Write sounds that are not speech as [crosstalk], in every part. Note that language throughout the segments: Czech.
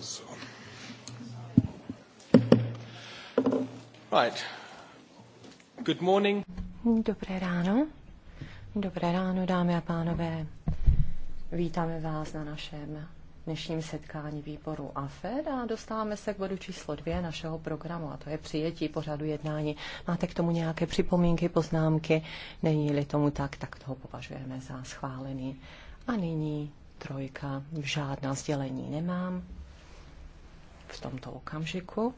So. Right. Good morning. Dobré ráno. Dobré ráno, dámy a pánové. Vítáme vás na našem dnešním setkání výboru AFED a dostáváme se k bodu číslo dvě našeho programu a to je přijetí pořadu jednání. Máte k tomu nějaké připomínky, poznámky? Není-li tomu tak, tak toho považujeme za schválený. A nyní trojka. Žádná sdělení nemám v tomto okamžiku.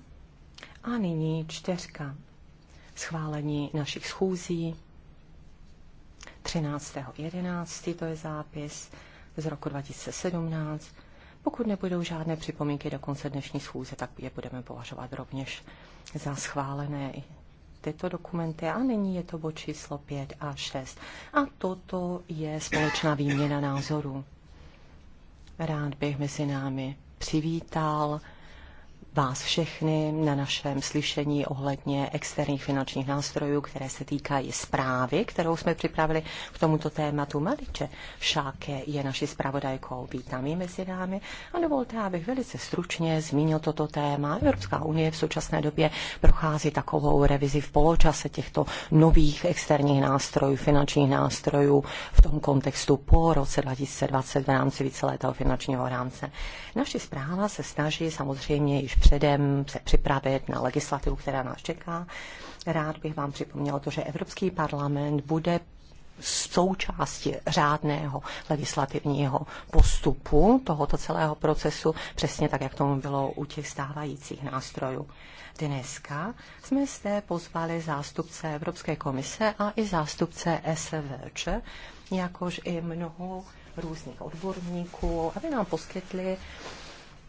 A nyní čtyřka. Schválení našich schůzí. 13.11. to je zápis z roku 2017. Pokud nebudou žádné připomínky do konce dnešní schůze, tak je budeme považovat rovněž za schválené tyto dokumenty a nyní je to bod číslo 5 a 6. A toto je společná výměna názorů. Rád bych mezi námi přivítal vás všechny na našem slyšení ohledně externích finančních nástrojů, které se týkají zprávy, kterou jsme připravili k tomuto tématu. Maliče Šáke je naši zpravodajkou. Vítám ji mezi námi a dovolte, abych velice stručně zmínil toto téma. Evropská unie v současné době prochází takovou revizi v poločase těchto nových externích nástrojů, finančních nástrojů v tom kontextu po roce 2020 v rámci víceletého finančního rámce. Naše zpráva se snaží samozřejmě již předem se připravit na legislativu, která nás čeká. Rád bych vám připomněl to, že Evropský parlament bude součástí řádného legislativního postupu tohoto celého procesu, přesně tak, jak tomu bylo u těch stávajících nástrojů. Dneska jsme zde pozvali zástupce Evropské komise a i zástupce SVČ, jakož i mnoho různých odborníků, aby nám poskytli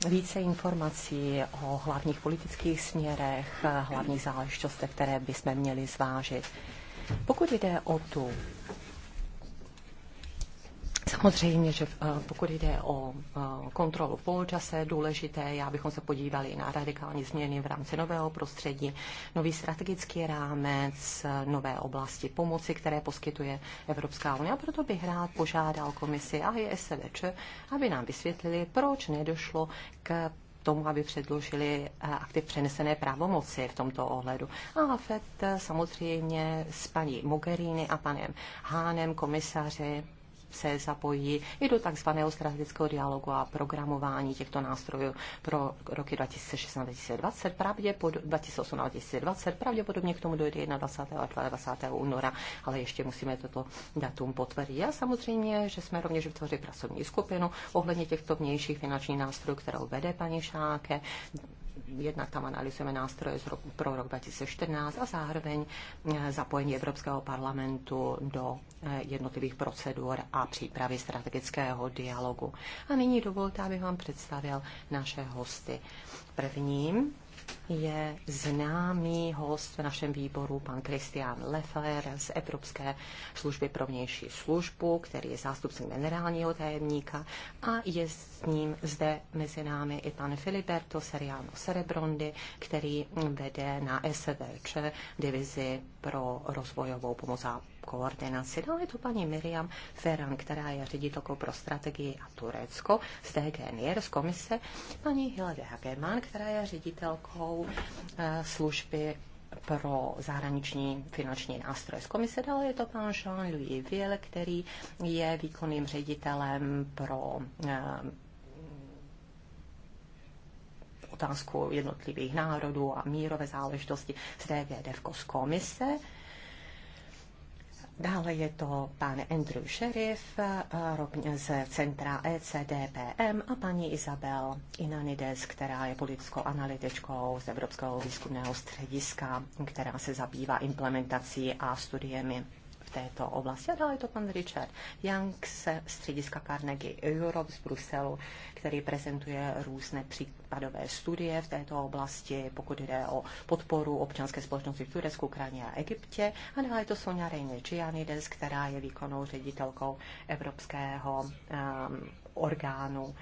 více informací o hlavních politických směrech, hlavních záležitostech, které bychom měli zvážit. Pokud jde o tu Samozřejmě, že eh, pokud jde o eh, kontrolu v poločase, důležité je, abychom se podívali na radikální změny v rámci nového prostředí, nový strategický rámec, eh, nové oblasti pomoci, které poskytuje Evropská unie. A proto bych rád požádal komisi a i SVČ, aby nám vysvětlili, proč nedošlo k tomu, aby předložili akty přenesené právomoci v tomto ohledu. A FED samozřejmě s paní Mogherini a panem Hánem, komisaři, se zapojí i do takzvaného strategického dialogu a programování těchto nástrojů pro roky 2016-2020, pravděpodobně 2020 pravděpodobně k tomu dojde 21. a 22. února, ale ještě musíme toto datum potvrdit. A samozřejmě, že jsme rovněž vytvořili pracovní skupinu ohledně těchto vnějších finančních nástrojů, kterou vede paní Šáke jednak tam analyzujeme nástroje z roku, pro rok 2014 a zároveň eh, zapojení Evropského parlamentu do eh, jednotlivých procedur a přípravy strategického dialogu. A nyní dovolte, abych vám představil naše hosty. Prvním je známý host v našem výboru, pan Christian Lefer z Evropské služby pro vnější službu, který je zástupcem generálního tajemníka a je s ním zde mezi námi i pan Filiberto Seriano Serebrondi, který vede na SVČ divizi pro rozvojovou pomoc a koordinaci. Dále no, je to paní Miriam Ferran, která je ředitelkou pro strategii a Turecko z TGNR z komise, paní Hilde Hageman, která je ředitelkou eh, služby pro zahraniční finanční nástroje z komise. Dále je to pan Jean-Louis Ville, který je výkonným ředitelem pro eh, otázku jednotlivých národů a mírové záležitosti z DGDF z komise. Dále je to pan Andrew Sheriff eh, z centra ECDPM a paní Isabel Inanides, která je politickou analytičkou z Evropského výzkumného střediska, která se zabývá implementací a studiemi v této oblasti. A dále je to pan Richard Young z střediska Carnegie Europe z Bruselu, který prezentuje různé příklady případové studie v této oblasti, pokud jde o podporu občanské společnosti v Turecku, Ukrajině a Egyptě. A dále to Sonja Rejně Čianides, která je výkonnou ředitelkou Evropského um, orgánu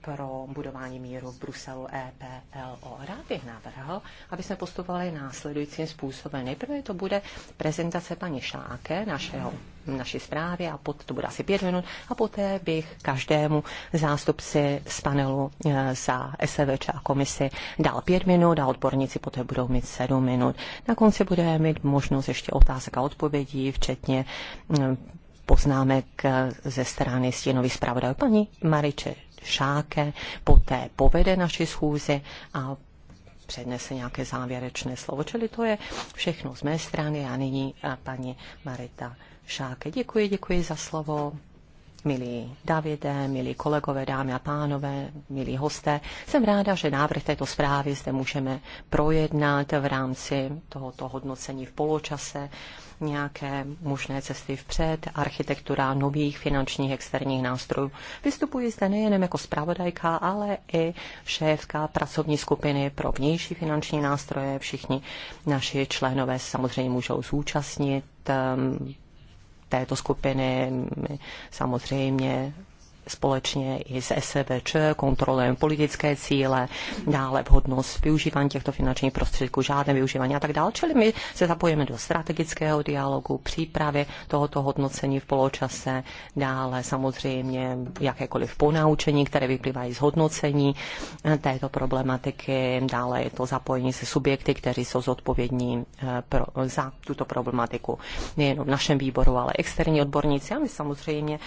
pro budování míru v Bruselu EPLO. Rád bych navrhl, aby jsme postupovali následujícím způsobem. Nejprve to bude prezentace paní Šláke, našeho, naší zprávy, a pot, to bude asi pět minut, a poté bych každému zástupci z panelu eh, za SVČ a komisi dal pět minut a odborníci poté budou mít sedm minut. Na konci bude mít možnost ještě otázek a odpovědí, včetně hm, poznámek eh, ze strany stěnových zpravodajů. Paní Mariče Šáke poté povede naši schůzi a přednese nějaké závěrečné slovo. Čili to je všechno z mé strany a nyní a eh, paní Marita Šáke. Děkuji, děkuji za slovo milí Davide, milí kolegové, dámy a pánové, milí hosté. Jsem ráda, že návrh této zprávy zde můžeme projednat v rámci tohoto hodnocení v poločase nějaké možné cesty vpřed, architektura nových finančních externích nástrojů. Vystupuji zde nejen jako zpravodajka, ale i šéfka pracovní skupiny pro vnější finanční nástroje. Všichni naši členové samozřejmě můžou zúčastnit um, této skupiny. My samozřejmě společně i s SVČ, kontrolujeme politické cíle, dále vhodnost využívání těchto finančních prostředků, žádné využívání a tak dále. Čili my se zapojíme do strategického dialogu, přípravy tohoto hodnocení v poločase, dále samozřejmě jakékoliv ponaučení, které vyplývají z hodnocení eh, této problematiky, dále je to zapojení se subjekty, kteří jsou zodpovědní eh, pro, za tuto problematiku nejenom v našem výboru, ale externí odborníci a my samozřejmě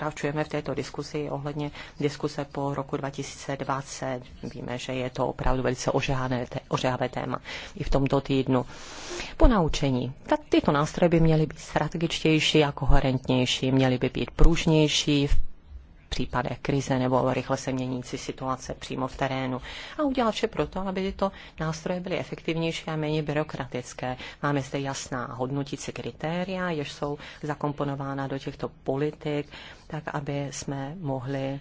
pokračujeme v této diskusi ohledně diskuse po roku 2020. Víme, že je to opravdu velice ožáhané, ožáhavé téma i v tomto týdnu. Po naučení. Tak tyto nástroje by měly být strategičtější a koherentnější, měly by být pružnější v případech krize nebo rychle se měnící situace přímo v terénu a udělat vše proto, aby tyto nástroje byly efektivnější a méně byrokratické. Máme zde jasná hodnotící kritéria, jež jsou zakomponována do těchto politik, tak aby jsme mohli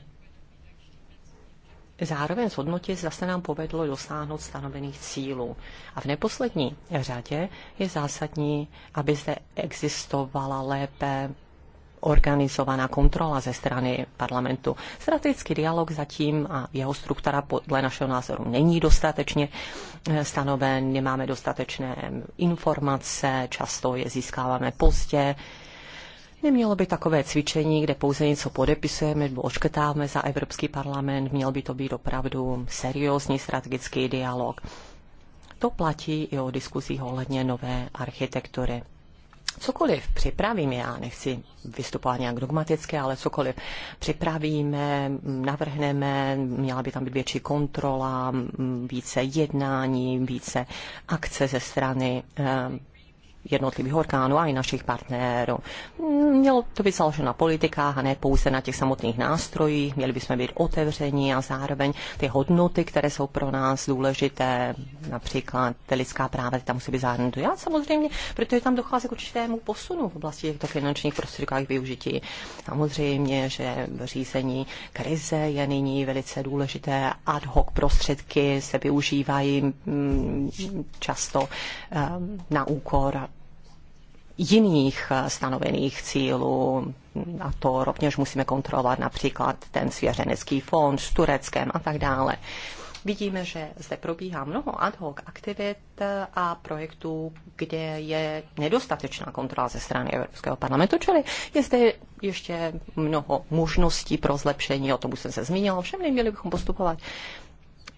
zároveň zhodnotit, zda se nám povedlo dosáhnout stanovených cílů. A v neposlední řadě je zásadní, aby zde existovala lépe organizovaná kontrola ze strany parlamentu. Strategický dialog zatím a jeho struktura podle našeho názoru není dostatečně eh, stanoven, nemáme dostatečné informace, často je získáváme pozdě. Nemělo by takové cvičení, kde pouze něco podepisujeme nebo očkrtáme za Evropský parlament, měl by to být opravdu seriózní strategický dialog. To platí i o diskuzích ohledně nové architektury cokoliv připravím, já nechci vystupovat nějak dogmaticky, ale cokoliv připravíme, navrhneme, měla by tam být větší kontrola, více jednání, více akce ze strany eh, jednotlivých orgánů a i našich partnerů. Mělo to být založeno na politikách a ne pouze na těch samotných nástrojích. Měli bychom být otevření a zároveň ty hodnoty, které jsou pro nás důležité, například ty lidská práva, tam musí být zahrnuty. Já samozřejmě, protože tam dochází k určitému posunu v oblasti těchto finančních prostředků a využití. Samozřejmě, že řízení krize je nyní velice důležité. Ad hoc prostředky se využívají mm, často eh, na úkor jiných eh, stanovených cílů. A to rovněž musíme kontrolovat například ten svěřenecký fond s Tureckem a tak dále. Vidíme, že zde probíhá mnoho ad hoc aktivit eh, a projektů, kde je nedostatečná kontrola ze strany Evropského parlamentu, čili je zde ještě mnoho možností pro zlepšení, o tom už jsem se zmínila, všem neměli bychom postupovat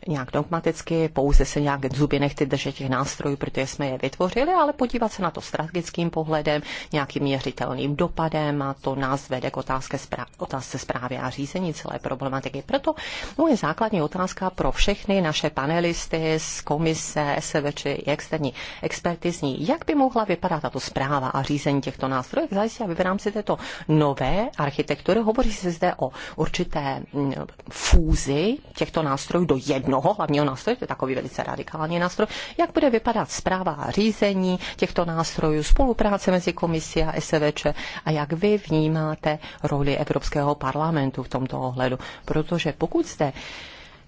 nějak dogmaticky, pouze se nějak zuby zubě nechci držet těch nástrojů, protože jsme je vytvořili, ale podívat se na to strategickým pohledem, nějakým měřitelným dopadem a to nás vede k otázce, správ, otázce zprávy a řízení celé problematiky. Proto moje základní otázka pro všechny naše panelisty z komise, SVČ i externí experty zní, jak by mohla vypadat tato zpráva a řízení těchto nástrojů, zajistí, aby v rámci této nové architektury hovoří se zde o určité mm, fúzi těchto nástrojů do jedno mnoho, hlavního nástroje, to je takový velice radikální nástroj, jak bude vypadat zpráva a řízení těchto nástrojů, spolupráce mezi komisí a SVČ a jak vy vnímáte roli Evropského parlamentu v tomto ohledu. Protože pokud jste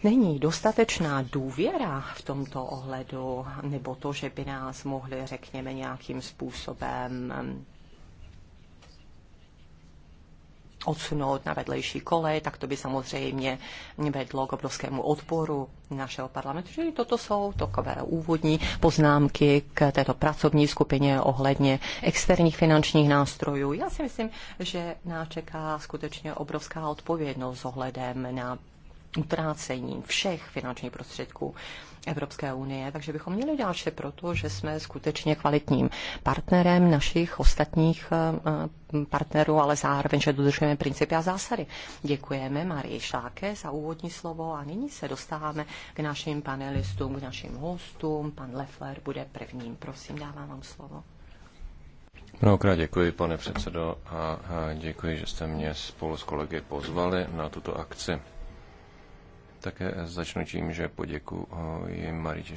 není dostatečná důvěra v tomto ohledu, nebo to, že by nás mohli, řekněme, nějakým způsobem odsunout na vedlejší kole, tak to by samozřejmě vedlo k obrovskému odporu našeho parlamentu. Čili toto jsou takové úvodní poznámky k této pracovní skupině ohledně externích finančních nástrojů. Já si myslím, že nás čeká skutečně obrovská odpovědnost s ohledem na utrácení všech finančních prostředků Evropské unie, takže bychom měli dělat vše proto, že jsme skutečně kvalitním partnerem našich ostatních eh, eh, partnerů, ale zároveň, že dodržujeme principy a zásady. Děkujeme Marii Šláke za úvodní slovo a nyní se dostáváme k našim panelistům, k našim hostům. Pan Leffler bude prvním. Prosím, dávám vám slovo. Mnohokrát děkuji, pane předsedo, a děkuji, že jste mě spolu s kolegy pozvali na tuto akci. Také začnu tím, že poděkuji Maritě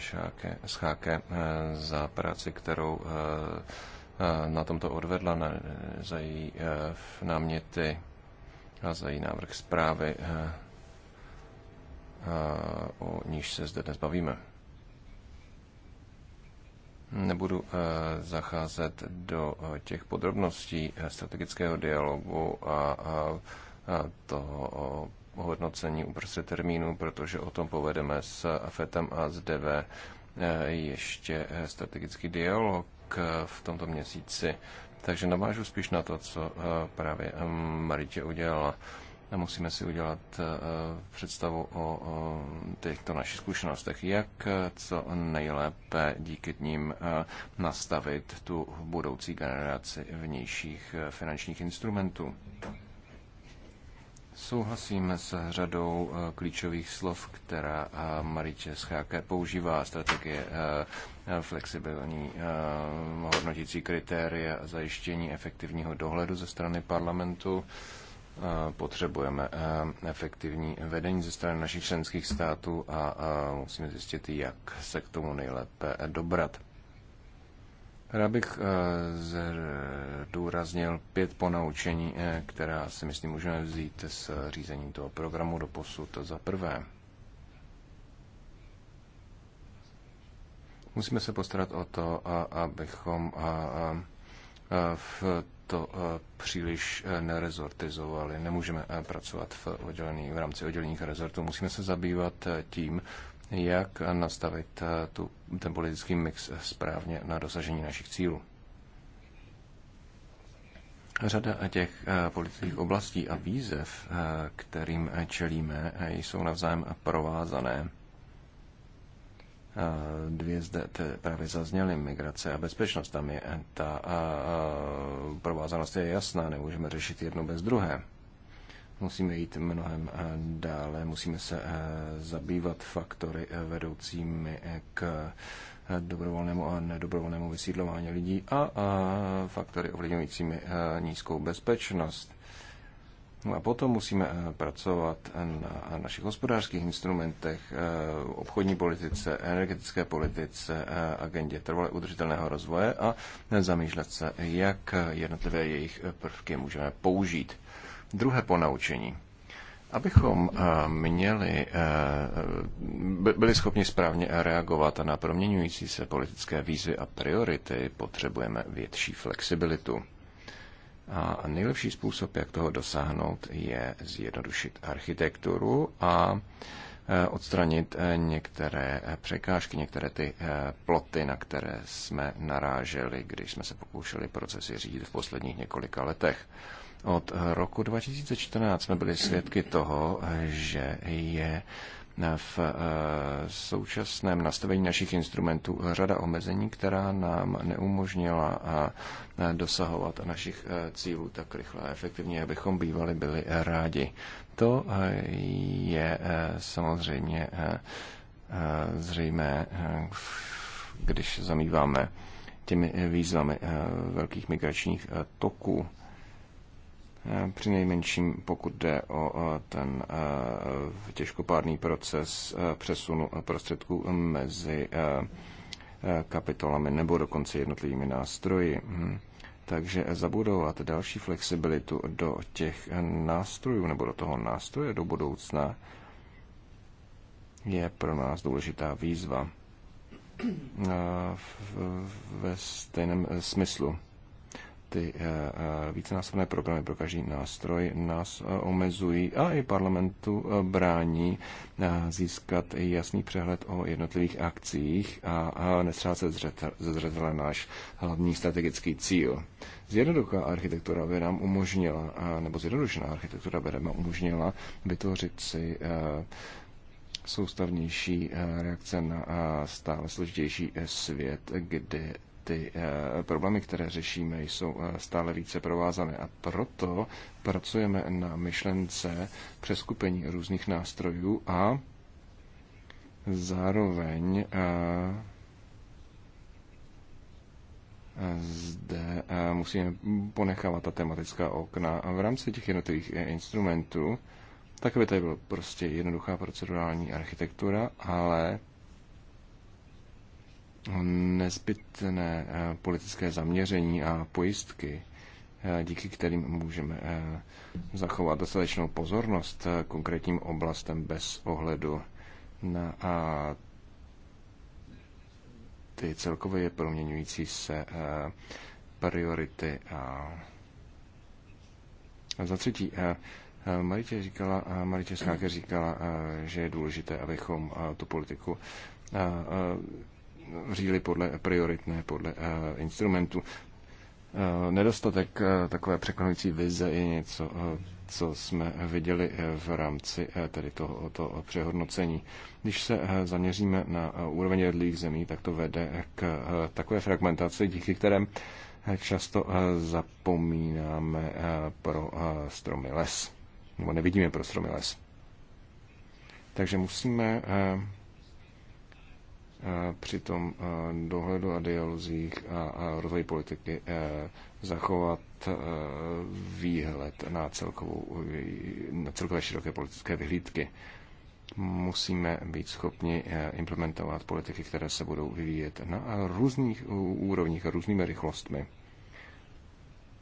Scháke eh, za práci, kterou eh, eh, na tomto odvedla, na, za její náměty a za její návrh zprávy, o níž se zde dnes bavíme. Nebudu zacházet do těch podrobností strategického dialogu a toho hodnocení uprostřed termínu, protože o tom povedeme s AFETem a s DV eh, ještě eh, strategický dialog eh, v tomto měsíci. Takže navážu spíš na to, co právě Maritě udělala. Musíme si udělat představu o těchto našich zkušenostech, jak co nejlépe díky ním nastavit tu budoucí generaci vnějších finančních instrumentů. Souhlasím s řadou eh, klíčových slov, která eh, Marie Scháke používá. Strategie eh, flexibilní hodnotící kritéria a zajištění efektivního dohledu ze strany parlamentu. Potřebujeme efektivní vedení ze strany našich členských států a musíme zjistit, jak se k tomu nejlépe dobrat. Rád bych eh, zdůraznil pět ponaučení, eh, která si myslím můžeme vzít s eh, řízením toho programu do posud. Za prvé, musíme se postarat o to, abychom v to příliš nerezortizovali. Nemůžeme pracovat v, oddělený, v rámci oddělených rezortů. Musíme se zabývat tím, jak nastavit eh, tu, ten politický mix správně na dosažení našich cílů. Řada těch eh, politických oblastí a výzev, eh, kterým čelíme, jsou navzájem provázané. Dvě zde právě zazněly, migrace a bezpečnost. Tam je ta provázanost je jasná, nemůžeme řešit jedno bez druhé. Musíme jít mnohem eh, dále, musíme se eh, zabývat faktory eh, vedoucími k dobrovolnému a nedobrovolnému vysídlování lidí a, faktory ovlivňujícími nízkou bezpečnost. No a potom musíme pracovat na našich hospodářských instrumentech, obchodní politice, energetické politice, agendě trvale udržitelného rozvoje a zamýšlet se, jak jednotlivé jejich prvky můžeme použít. Druhé ponaučení. Abychom eh, měli, eh, byli schopni správně reagovat na proměňující se politické výzvy a priority, potřebujeme větší flexibilitu. A nejlepší způsob, jak toho dosáhnout, je zjednodušit architekturu a eh, odstranit některé překážky, některé ty ploty, na které jsme naráželi, když jsme se pokoušeli procesy řídit v posledních několika letech. Od roku 2014 jsme byli svědky toho, že je v eh, současném nastavení našich instrumentů řada omezení, která nám neumožnila eh, dosahovat našich eh, cílů tak rychle a efektivně, abychom bývali byli rádi. To je samozřejmě zřejmé, když zamýváme těmi výzvami velkých migračních toků Eh, při nejmenším, pokud jde o eh, ten eh, těžkopádný proces přesunu prostředků mezi kapitolami nebo dokonce jednotlivými nástroji. Hmm. Takže zabudovat další flexibilitu do těch nástrojů nebo do toho nástroje do budoucna je pro nás důležitá výzva ve stejném smyslu ty eh, eh, vícenásobné programy pro každý nástroj nás eh, omezují a i parlamentu brání získat jasný přehled o jednotlivých akcích a nestrácet ze zřetele náš hlavní strategický cíl. Zjednoduchá architektura by nám umožnila, nebo zjednodušená architektura by nám umožnila vytvořit si soustavnější reakce na stále složitější svět, kdy ty eh, problémy, které řešíme, jsou eh, stále více provázané a proto pracujeme na myšlence přeskupení různých nástrojů a zároveň eh, zde musíme ponechávat ta tematická okna a v rámci těch jednotlivých instrumentů, tak aby tady byla prostě jednoduchá procedurální architektura, ale nezbytné eh, politické zaměření a pojistky, eh, díky kterým můžeme eh, zachovat dostatečnou pozornost konkrétním oblastem bez ohledu na ty celkově proměňující se priority. A za třetí, Maritě, říkala, Maritě Skáke říkala, že je důležité, abychom tu politiku řídili podle priorit, ne podle Uh, Nedostatek eh, takové překonující vize je něco, co jsme viděli v rámci tedy toho, toho přehodnocení. Když se zaměříme na úroveň jedlých zemí, tak to vede k takové fragmentaci, díky kterém často zapomínáme pro stromy les. Nebo nevidíme pro stromy les. Takže musíme Eh, při tom eh, dohledu a dialozích a, rozvoji politiky eh, zachovat výhled na, celkovou, na celkové široké politické vyhlídky. Musíme být schopni implementovat politiky, které se budou vyvíjet na různých úrovních a různými rychlostmi,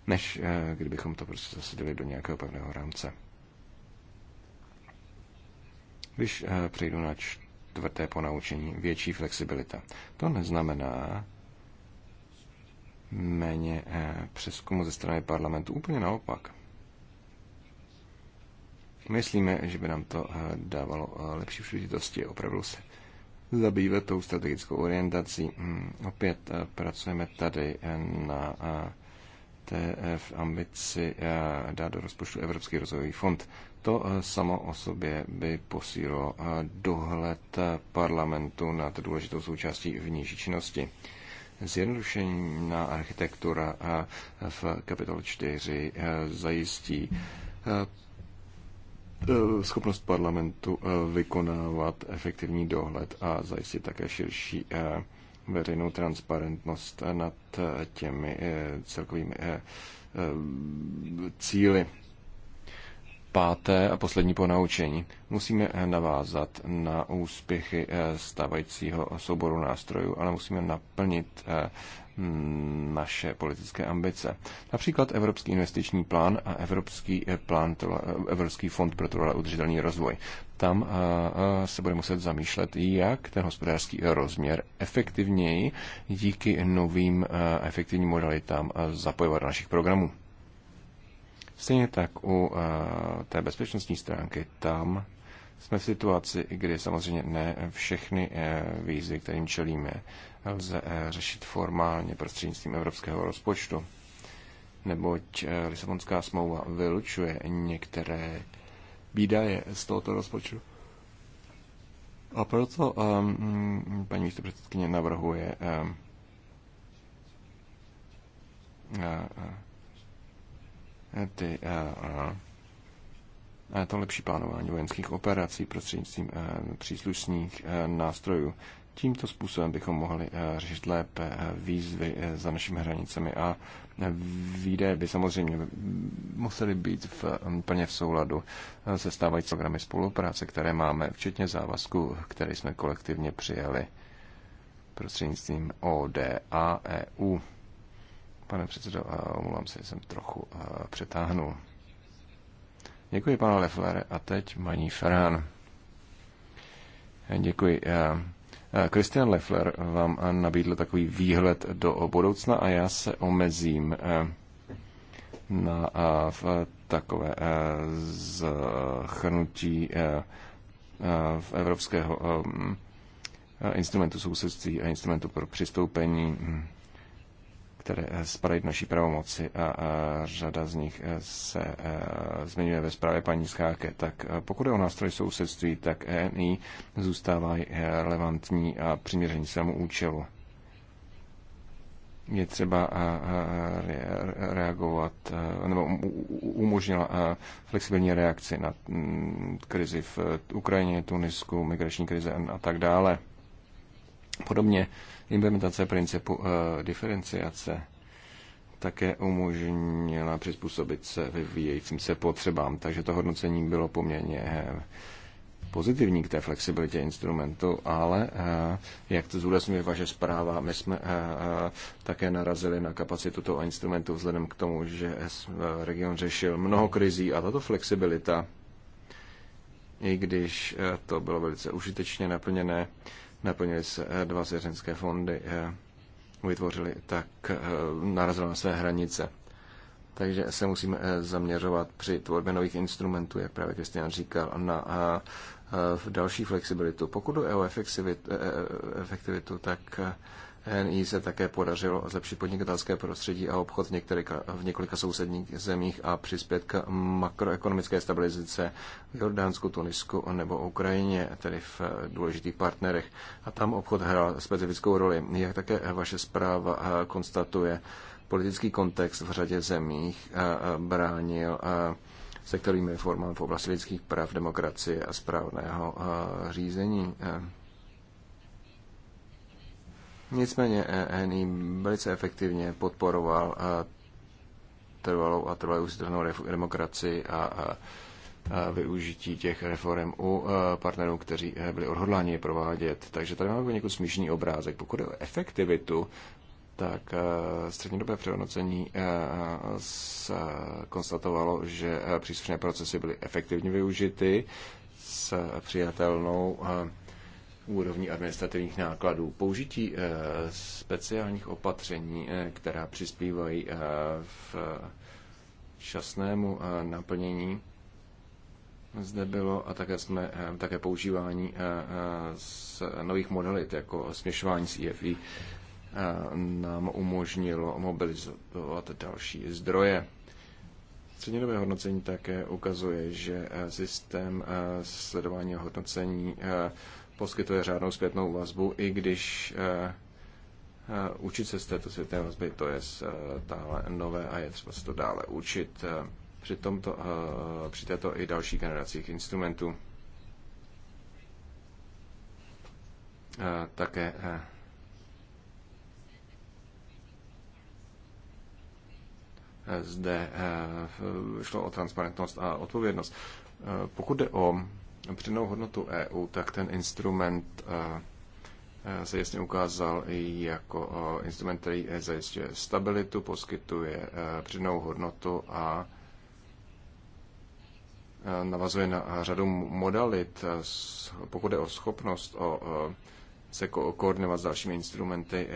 než kdybychom to prostě zasadili do nějakého pevného rámce. Když přejdu na čt čtvrté ponaučení, větší flexibilita. To neznamená méně eh, přeskumu ze strany parlamentu, úplně naopak. Myslíme, že by nám to eh, dávalo eh, lepší příležitosti opravdu se zabývat tou strategickou orientací. Hmm, opět pracujeme tady na té v ambici dát do rozpočtu Evropský rozvojový fond. To eh, samo o sobě by posílilo eh, dohled eh, parlamentu nad důležitou součástí vnější činnosti. na architektura v kapitolu 4 zajistí schopnost parlamentu vykonávat efektivní dohled a zajistit také širší veřejnou transparentnost nad těmi celkovými cíly páté a poslední ponaučení. Musíme eh, navázat na úspěchy eh, stávajícího souboru nástrojů, ale musíme naplnit eh, naše politické ambice. Například Evropský investiční plán a Evropský, plán, Evropský fond pro trvalé udržitelný rozvoj. Tam se bude muset zamýšlet, jak ten hospodářský rozměr efektivněji díky novým efektivním modalitám zapojovat do našich programů. Stejně tak u eh, té bezpečnostní stránky, tam jsme v situaci, kdy samozřejmě ne všechny eh, výzvy, kterým čelíme, lze eh, řešit formálně prostřednictvím evropského rozpočtu, neboť Lisabonská smlouva vylučuje některé výdaje z tohoto rozpočtu. A proto um, paní místopředsedkyně navrhuje um, uh, uh, ty, eh, eh, to lepší plánování vojenských operací prostřednictvím eh, příslušných nástrojů. Tímto způsobem bychom mohli řešit lépe výzvy za našimi hranicemi a výdaje by samozřejmě museli být v, plně v souladu se stávající programy spolupráce, které máme, včetně závazku, který jsme kolektivně přijali prostřednictvím ODA EU. Pane předsedo, a omlouvám se, jsem trochu přetáhnul. Děkuji, pane Leflere, a teď maní Ferán. Děkuji. Christian Leffler vám nabídl takový výhled do budoucna a já se omezím na v takové a, v evropského instrumentu sousedství a instrumentu pro přistoupení které eh, spadají do naší pravomoci a, a řada z nich eh, se a, eh, zmiňuje ve zprávě paní Skáke, tak pokud je o nástroj sousedství, tak ENI zůstává relevantní a přiměření svému účelu. Je třeba a, reagovat, nebo umožnila flexibilní reakci na mm, krizi v Ukrajině, Tunisku, migrační krize a tak dále. Podobně implementace principu eh, diferenciace také umožnila přizpůsobit se vyvíjejícím se potřebám, takže to hodnocení bylo poměrně eh, pozitivní k té flexibilitě instrumentu, ale eh, jak to zúrazňuje vaše zpráva, my jsme také narazili na kapacitu toho instrumentu vzhledem k tomu, že region řešil mnoho krizí a tato flexibilita, i když to bylo velice užitečně naplněné, naplnili se eh, dva svěřenské fondy, eh, vytvořili, tak eh, narazil na své hranice. Takže se musíme zaměřovat při tvorbě nových instrumentů, jak právě Kristian říkal, na další flexibilitu. Pokud o efektivitu, tak NI se také podařilo zlepšit podnikatelské prostředí a obchod v, několika, v několika sousedních zemích a přispět k makroekonomické stabilizace v Jordánsku, Tunisku nebo Ukrajině, tedy v důležitých partnerech. A tam obchod hrál specifickou roli. Jak také vaše zpráva eh, konstatuje, politický kontext v řadě zemích eh, bránil eh, sektorovým reformám v oblasti lidských práv, demokracie a správného řízení. Nicméně ENI velice efektivně podporoval eh, trvalou a trvalou udržitelnou demokracii a, a, a využití těch reform u eh, partnerů, kteří eh, byli odhodláni je provádět. Takže tady máme poněkud smíšený obrázek. Pokud je o efektivitu, tak střednědobé přehodnocení konstatovalo, že příslušné procesy byly efektivně využity s přijatelnou úrovní administrativních nákladů. Použití eh, speciálních opatření, eh, která přispívají eh, v časnému naplnění, zde bylo a také, jsme, také používání z nových modelit, jako směšování s IFI, nám umožnilo mobilizovat další zdroje. Střednědobé hodnocení také ukazuje, že systém sledování a hodnocení poskytuje řádnou zpětnou vazbu, i když eh, eh, učit se z této zpětné vazby, to je stále eh, nové a je třeba se to dále učit při, tomto, při této i další generacích instrumentů. Také zde šlo o transparentnost a odpovědnost. Pokud jde o přidanou hodnotu EU, tak ten instrument eh, eh, se jasně ukázal i jako eh, instrument, který zajišťuje stabilitu, poskytuje přidanou hodnotu a navazuje na řadu modalit, pokud je o schopnost o, se ko- koordinovat s dalšími instrumenty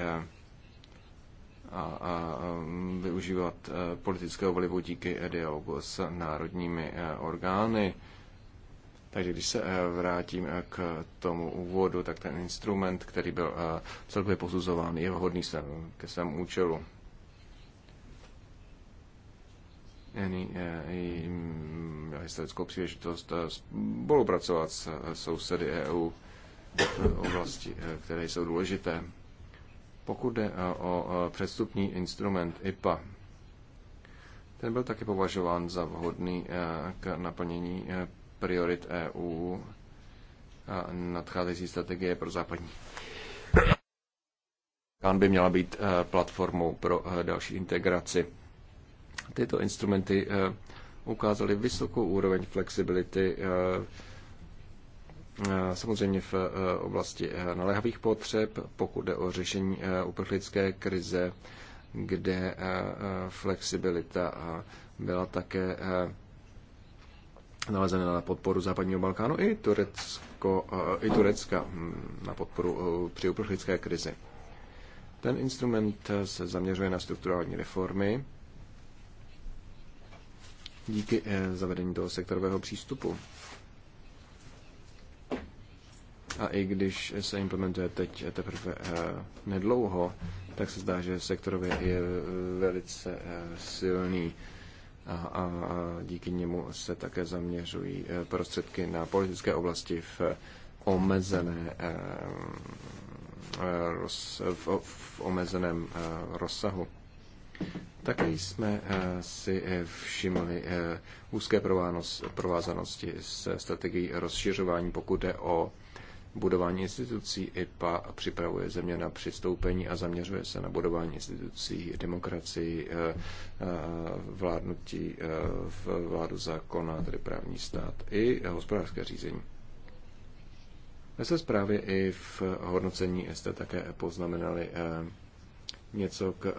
a, a mm, využívat politického vlivu díky dialogu s národními orgány. Takže když se eh, vrátím eh, k tomu úvodu, tak ten instrument, který byl eh, celkově posuzován, je vhodný ke svému účelu. Měl mm, historickou příležitost spolupracovat s sousedy EU v oblasti, které jsou důležité. Pokud jde o předstupní instrument IPA, ten byl taky považován za vhodný k naplnění priorit EU a nadcházející strategie pro západní. Kán by měla být eh, platformou pro eh, další integraci. Tyto instrumenty eh, ukázaly vysokou úroveň flexibility samozřejmě v oblasti naléhavých potřeb, pokud jde o řešení uprchlické krize, kde flexibilita byla také nalezené na podporu západního Balkánu i, Turecko, i Turecka hm, na podporu e, při uprchlické krizi. Ten instrument e, se zaměřuje na strukturální reformy díky e, zavedení toho sektorového přístupu. A i když se implementuje teď teprve nedlouho, tak se zdá, že sektorově je velice silný a, a, díky němu se také zaměřují eh, prostředky na politické oblasti v eh, omezené eh, v omezeném rozsahu. Také jsme si všimli úzké provázanosti se strategií rozšiřování, pokud jde o budování institucí. IPA připravuje země na přistoupení a zaměřuje se na budování institucí, demokracii, eh, eh, vládnutí, eh, vládu zákona, tedy právní stát i hospodářské řízení. Ve své zprávě i v hodnocení jste také poznamenali něco k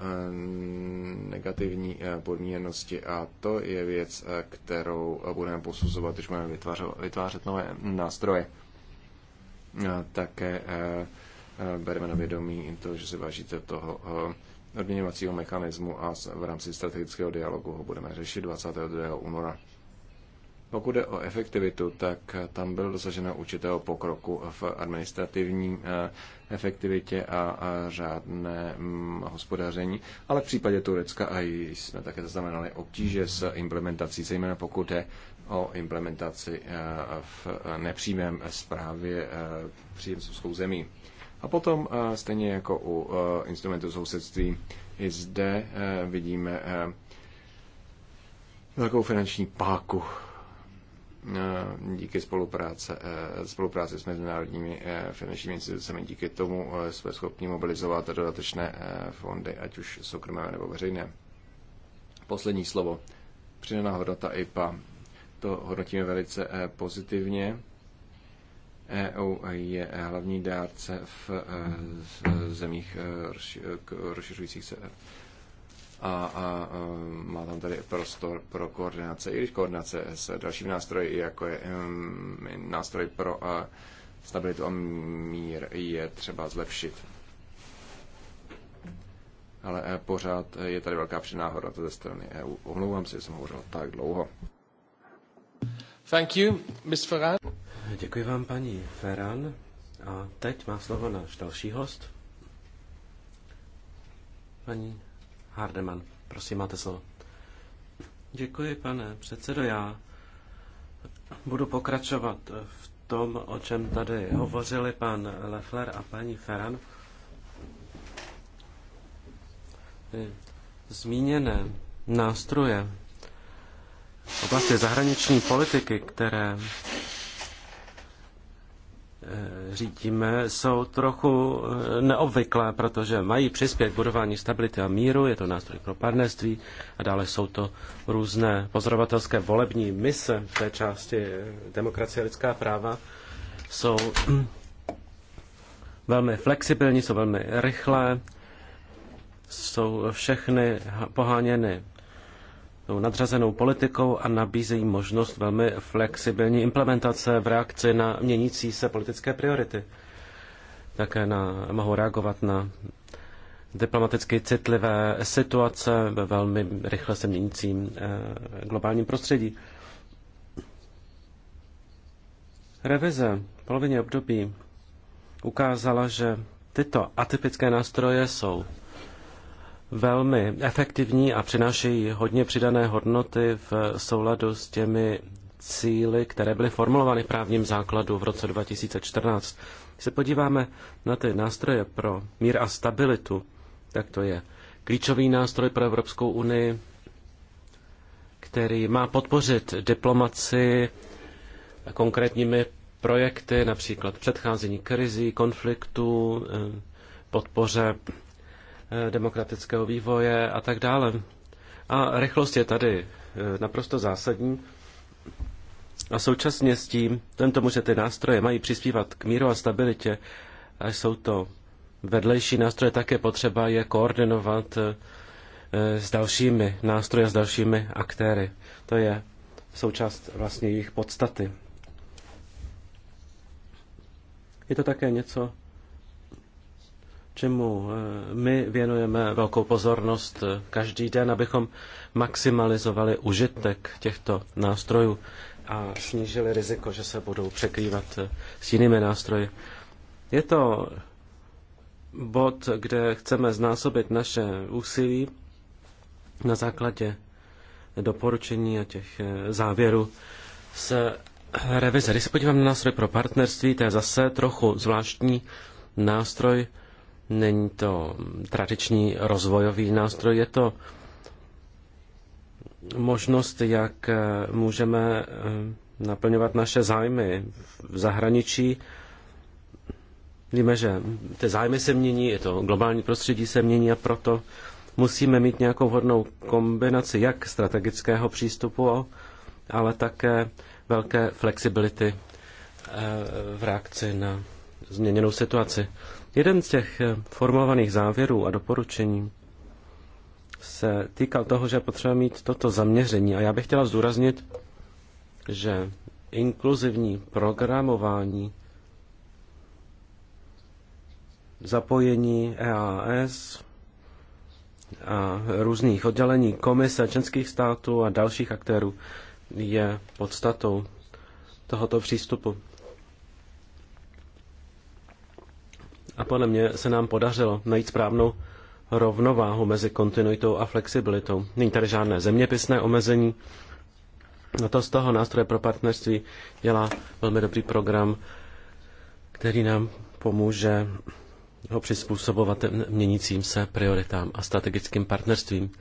negativní podmíněnosti a to je věc, kterou budeme posuzovat, když budeme vytvářet nové nástroje také eh, eh, bereme na vědomí to, že se vážíte toho eh, odměňovacího mechanismu a v rámci strategického dialogu ho budeme řešit 22. února. Pokud jde o efektivitu, tak tam byl dosaženo určitého pokroku v administrativní efektivitě a řádné mm, hospodaření, ale v případě Turecka a jsme také zaznamenali obtíže s implementací, zejména pokud je o implementaci eh, v eh, nepřímém zprávě eh, příjemcovskou zemí. A potom, stejně jako u instrumentu sousedství, i zde vidíme velkou finanční páku díky spolupráce, spolupráci s mezinárodními finančními institucemi. Díky tomu jsme schopni mobilizovat dodatečné fondy, ať už soukromé nebo veřejné. Poslední slovo. Přidaná hodnota IPA to hodnotíme velice eh, pozitivně. EU je eh, hlavní dárce v eh, zemích rozšiřujících se a, a má tam tady prostor pro koordinace, i když koordinace s dalšími nástroji, jako je mm, nástroj pro stabilitu a mír, je třeba zlepšit. Ale pořád je tady velká přináhoda ze strany EU. Omlouvám se, že jsem hovořil tak dlouho. Thank you, Ms. Ferran. Děkuji vám, paní Ferran. A teď má slovo náš další host. Paní Hardeman, prosím, máte slovo. Děkuji, pane předsedo. Já budu pokračovat v tom, o čem tady hovořili pan Leffler a paní Ferran. Zmíněné nástroje oblasti zahraniční politiky, které eh, řídíme, jsou trochu eh, neobvyklé, protože mají přispět k budování stability a míru, je to nástroj pro partnerství a dále jsou to různé pozorovatelské volební mise v té části eh, demokracie a lidská práva. Jsou velmi flexibilní, jsou velmi rychlé, jsou všechny poháněny tou nadřazenou politikou a nabízejí možnost velmi flexibilní implementace v reakci na měnící se politické priority. Také na, mohou reagovat na diplomaticky citlivé situace ve velmi rychle se měnícím eh, globálním prostředí. Revize v polovině období ukázala, že tyto atypické nástroje jsou velmi efektivní a přinášejí hodně přidané hodnoty v souladu s těmi cíly, které byly formulovány v právním základu v roce 2014. Když se podíváme na ty nástroje pro mír a stabilitu, tak to je klíčový nástroj pro Evropskou unii, který má podpořit diplomaci konkrétními projekty, například předcházení krizí, konfliktů, eh, podpoře Eh, demokratického vývoje a tak dále. A rychlost je tady eh, naprosto zásadní. A současně s tím, ten tomu, že ty nástroje mají přispívat k míru a stabilitě, a jsou to vedlejší nástroje, také potřeba je koordinovat eh, s dalšími nástroji a s dalšími aktéry. To je součást vlastně jejich podstaty. Je to také něco, čemu eh, my věnujeme velkou pozornost eh, každý den, abychom maximalizovali užitek těchto nástrojů a snížili riziko, že se budou překrývat eh, s jinými nástroji. Je to bod, kde chceme znásobit naše úsilí na základě doporučení a těch závěrů z revize. Když se podívám na nástroj pro partnerství, to je zase trochu zvláštní nástroj, Není to tradiční rozvojový nástroj, je to možnost, jak eh, můžeme eh, naplňovat naše zájmy v zahraničí. Víme, že ty zájmy se mění, je to globální prostředí se mění a proto musíme mít nějakou vhodnou kombinaci jak strategického přístupu, ale také velké flexibility eh, v reakci na změněnou situaci. Jeden z těch eh, formovaných závěrů a doporučení se týkal toho, že potřeba mít toto zaměření. A já bych chtěla zdůraznit, že inkluzivní programování, zapojení EAS a různých oddělení komise členských států a dalších aktérů je podstatou tohoto přístupu. A podle mě se nám podařilo najít správnou rovnováhu mezi kontinuitou a flexibilitou. Není tady žádné zeměpisné omezení. No to z toho nástroje pro partnerství dělá velmi dobrý program, který nám pomůže ho přizpůsobovat měnícím se prioritám a strategickým partnerstvím.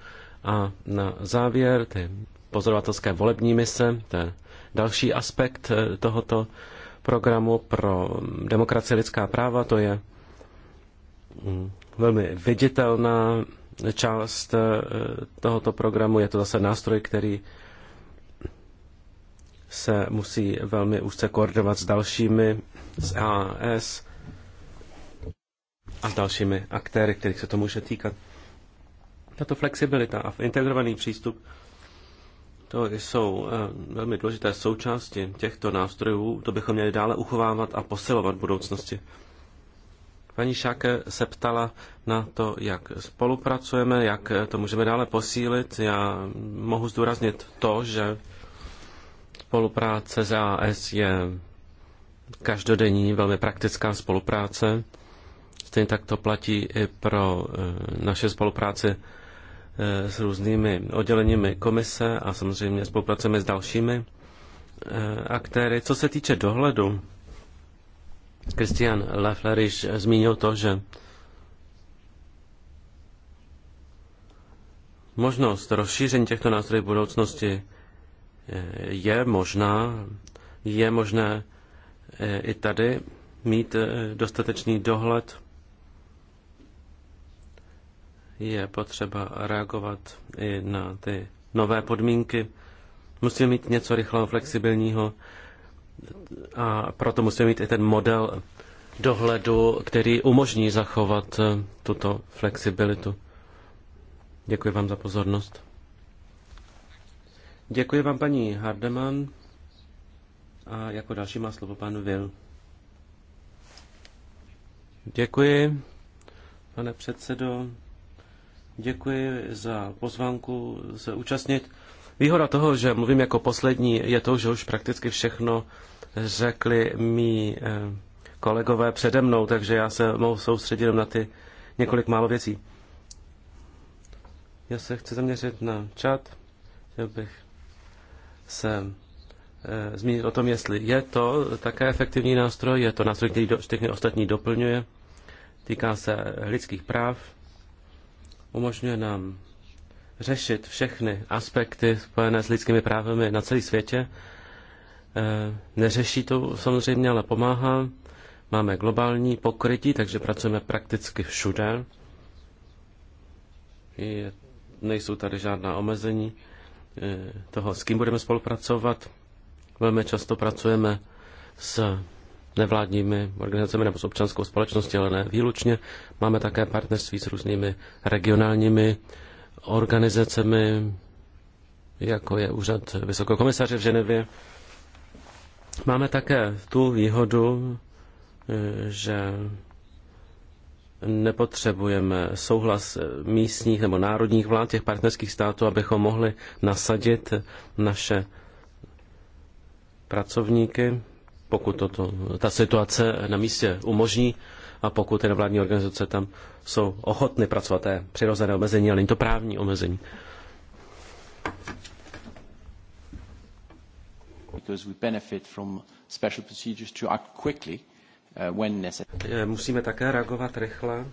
A na závěr ty pozorovatelské volební mise, to je další aspekt eh, tohoto programu pro demokracie lidská práva, to je Mm, velmi viditelná část eh, tohoto programu. Je to zase nástroj, který se musí velmi úzce koordinovat s dalšími, s AAS a s dalšími aktéry, kterých se to může týkat. Tato flexibilita a integrovaný přístup, to jsou eh, velmi důležité součásti těchto nástrojů, to bychom měli dále uchovávat a posilovat v budoucnosti. Paní Šáke se ptala na to, jak spolupracujeme, jak to můžeme dále posílit. Já mohu zdůraznit to, že spolupráce s AS je každodenní, velmi praktická spolupráce. Stejně tak to platí i pro eh, naše spolupráci eh, s různými odděleními komise a samozřejmě spolupracujeme s dalšími eh, aktéry. Co se týče dohledu, Christian Leffler již zmínil to, že možnost rozšíření těchto nástrojů v budoucnosti eh, je možná, je možné eh, i tady mít eh, dostatečný dohled. Je potřeba reagovat i na ty nové podmínky. Musíme mít něco rychlého, flexibilního, a proto musíme mít i ten model dohledu, který umožní zachovat eh, tuto flexibilitu. Děkuji vám za pozornost. Děkuji vám, paní Hardeman. A jako další má slovo pan Vil. Děkuji, pane předsedo. Děkuji za pozvánku se účastnit Výhoda toho, že mluvím jako poslední, je to, že už prakticky všechno řekli mi eh, kolegové přede mnou, takže já se mohu soustředit na ty několik málo věcí. Já se chci zaměřit na čat, chtěl bych se e, zmínit o tom, jestli je to také efektivní nástroj, je to nástroj, který do, všechny ostatní doplňuje, týká se lidských práv, umožňuje nám řešit všechny aspekty spojené s lidskými právy na celém světě. Eh, neřeší to samozřejmě, ale pomáhá. Máme globální pokrytí, takže pracujeme prakticky všude. Je, nejsou tady žádná omezení eh, toho, s kým budeme spolupracovat. Velmi často pracujeme s nevládními organizacemi nebo s občanskou společností, ale ne výlučně. Máme také partnerství s různými regionálními organizacemi, jako je úřad Vysokého komisaře v Ženevě. Máme také tu výhodu, e, že nepotřebujeme souhlas místních nebo národních vlád těch partnerských států, abychom mohli nasadit naše pracovníky, pokud toto, ta situace na místě umožní a pokud ty nevládní organizace tam jsou ochotny pracovat, to je přirozené omezení, ale není to právní omezení. Uh, eh, musíme také reagovat rychle.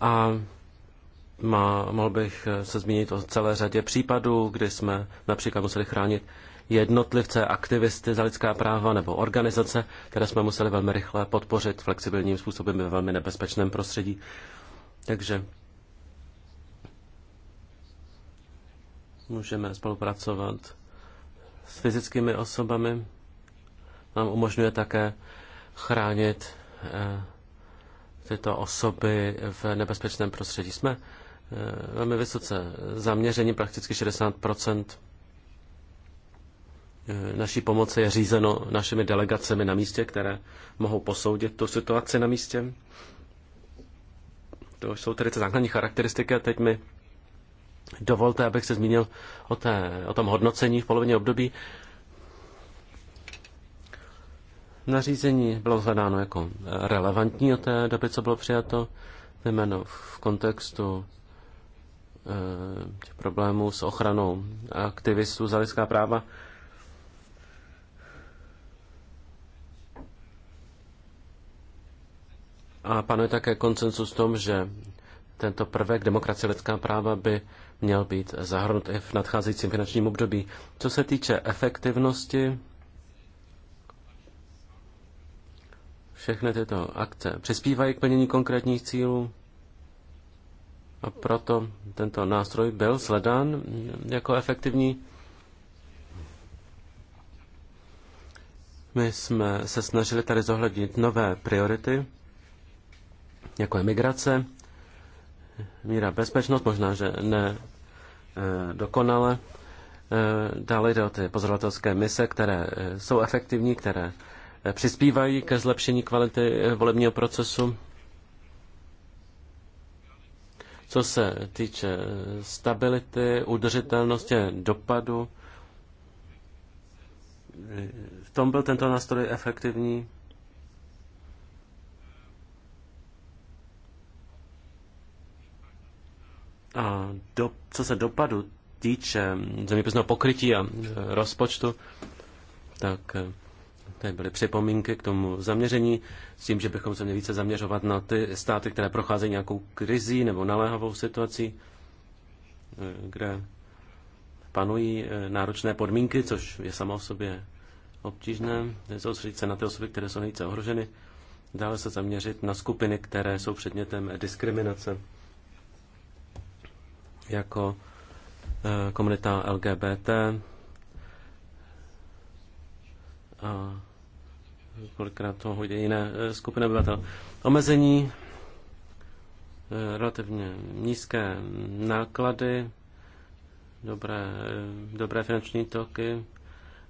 A má, mohl bych eh, se zmínit o celé řadě případů, kdy jsme například museli chránit jednotlivce, aktivisty za lidská práva nebo organizace, které jsme museli velmi rychle podpořit flexibilním způsobem ve velmi nebezpečném prostředí. Takže můžeme spolupracovat s fyzickými osobami. Nám umožňuje také chránit eh, tyto osoby v nebezpečném prostředí. Jsme eh, velmi vysoce zaměření, prakticky 60 Eh, naší pomoci je řízeno našimi delegacemi na místě, které mohou posoudit tu situaci na místě. To jsou tedy ty základní charakteristiky a teď mi dovolte, abych se zmínil o, té, o tom hodnocení v polovině období. Nařízení bylo zhledáno jako relevantní od té doby, co bylo přijato, jméno v kontextu eh, těch problémů s ochranou aktivistů za lidská práva. A panuje také koncensus v tom, že tento prvek demokracie lidská práva by měl být zahrnut i v nadcházejícím finančním období. Co se týče efektivnosti, všechny tyto akce přispívají k plnění konkrétních cílů a proto tento nástroj byl sledán jako efektivní. My jsme se snažili tady zohlednit nové priority jako je migrace, míra bezpečnost, možná, že ne e, dokonale. E, dále jde o ty pozorovatelské mise, které e, jsou efektivní, které přispívají ke zlepšení kvality volebního procesu. Co se týče stability, udržitelnosti, dopadu, v tom byl tento nástroj efektivní. do, co se dopadu týče zeměpisného pokrytí a e, rozpočtu, tak e, tady byly připomínky k tomu zaměření s tím, že bychom se měli více zaměřovat na ty státy, které procházejí nějakou krizí nebo naléhavou situací, e, kde panují náročné podmínky, což je samo o sobě obtížné. Soustředit se na ty osoby, které jsou nejvíce ohroženy. Dále se zaměřit na skupiny, které jsou předmětem diskriminace jako eh, komunita LGBT a kolikrát to hodí jiné eh, skupiny obyvatel. Omezení eh, relativně nízké náklady, dobré, dobré finanční toky,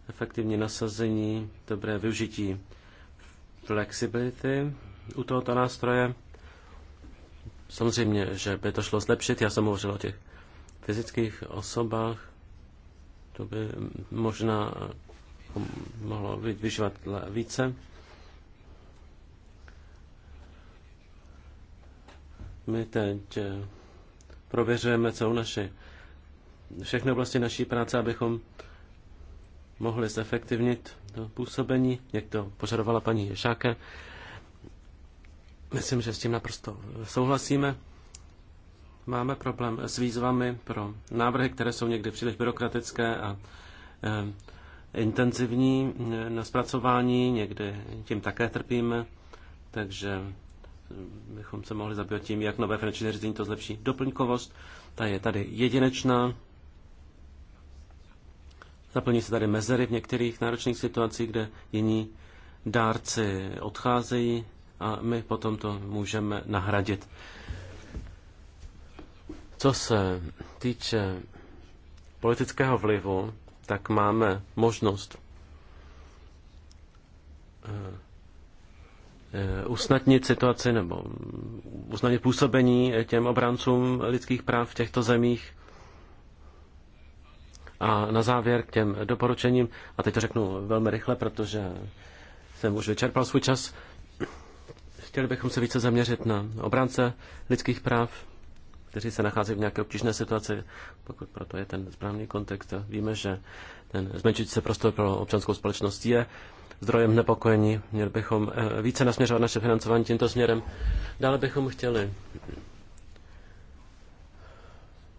efektivní nasazení, dobré využití flexibility u tohoto nástroje. Samozřejmě, že by to šlo zlepšit, já jsem hovořil o těch fyzických osobách, to by možná jako mohlo být vyžívat více. My teď eh, prověřujeme celou naši, všechny oblasti naší práce, abychom mohli zefektivnit to působení, jak to požadovala paní Šáke. Myslím, že s tím naprosto souhlasíme máme problém s výzvami pro návrhy, které jsou někdy příliš byrokratické a e, intenzivní eh, na zpracování, někdy tím také trpíme, takže eh, bychom se mohli zabývat tím, jak nové finanční řízení to zlepší. Doplňkovost, ta je tady jedinečná. Zaplní se tady mezery v některých náročných situacích, kde jiní dárci odcházejí a my potom to můžeme nahradit. Co se týče politického vlivu, tak máme možnost eh, eh, usnadnit situaci nebo usnadnit působení těm obráncům lidských práv v těchto zemích. A na závěr k těm doporučením, a teď to řeknu velmi rychle, protože jsem už vyčerpal svůj čas, chtěli bychom se více zaměřit na obránce lidských práv, kteří se nacházejí v nějaké obtížné situaci, pokud proto je ten správný kontext. Víme, že ten zmenšit se prostor pro občanskou společnost je zdrojem nepokojení. Měli bychom eh, více nasměřovat naše financování tímto směrem. Dále bychom chtěli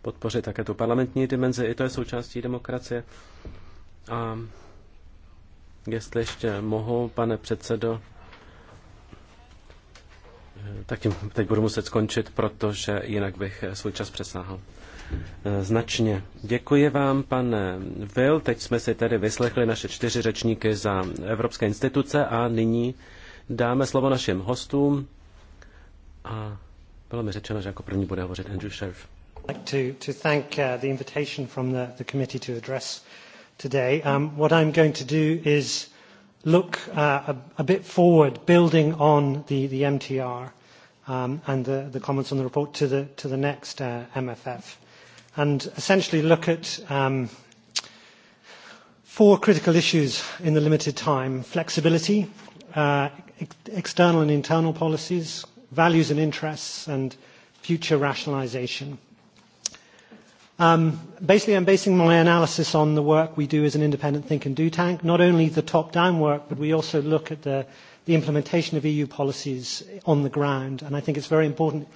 podpořit také tu parlamentní dimenzi, i to je součástí demokracie. A jestli ještě mohu, pane předsedo, tak tím teď budu muset skončit, protože jinak bych svůj čas přesáhl. E, značně. Děkuji vám, pane Vil. Teď jsme si tedy vyslechli naše čtyři řečníky za evropské instituce a nyní dáme slovo našim hostům. A bylo mi řečeno, že jako první bude hovořit Andrew Sheriff. To, to thank uh, the invitation from the, the committee to address today. Um, what I'm going to do is look uh, a, a bit forward, building on the, the MTR um, and the, the comments on the report to the, to the next uh, MFF. And essentially look at um, four critical issues in the limited time: flexibility, uh, ex external and internal policies, values and interests, and future rationalization. Um, basically, I'm basing my analysis on the work we do as an independent think and do tank, not only the top-down work, but we also look at the the implementation of EU policies on the ground. And I think it's very important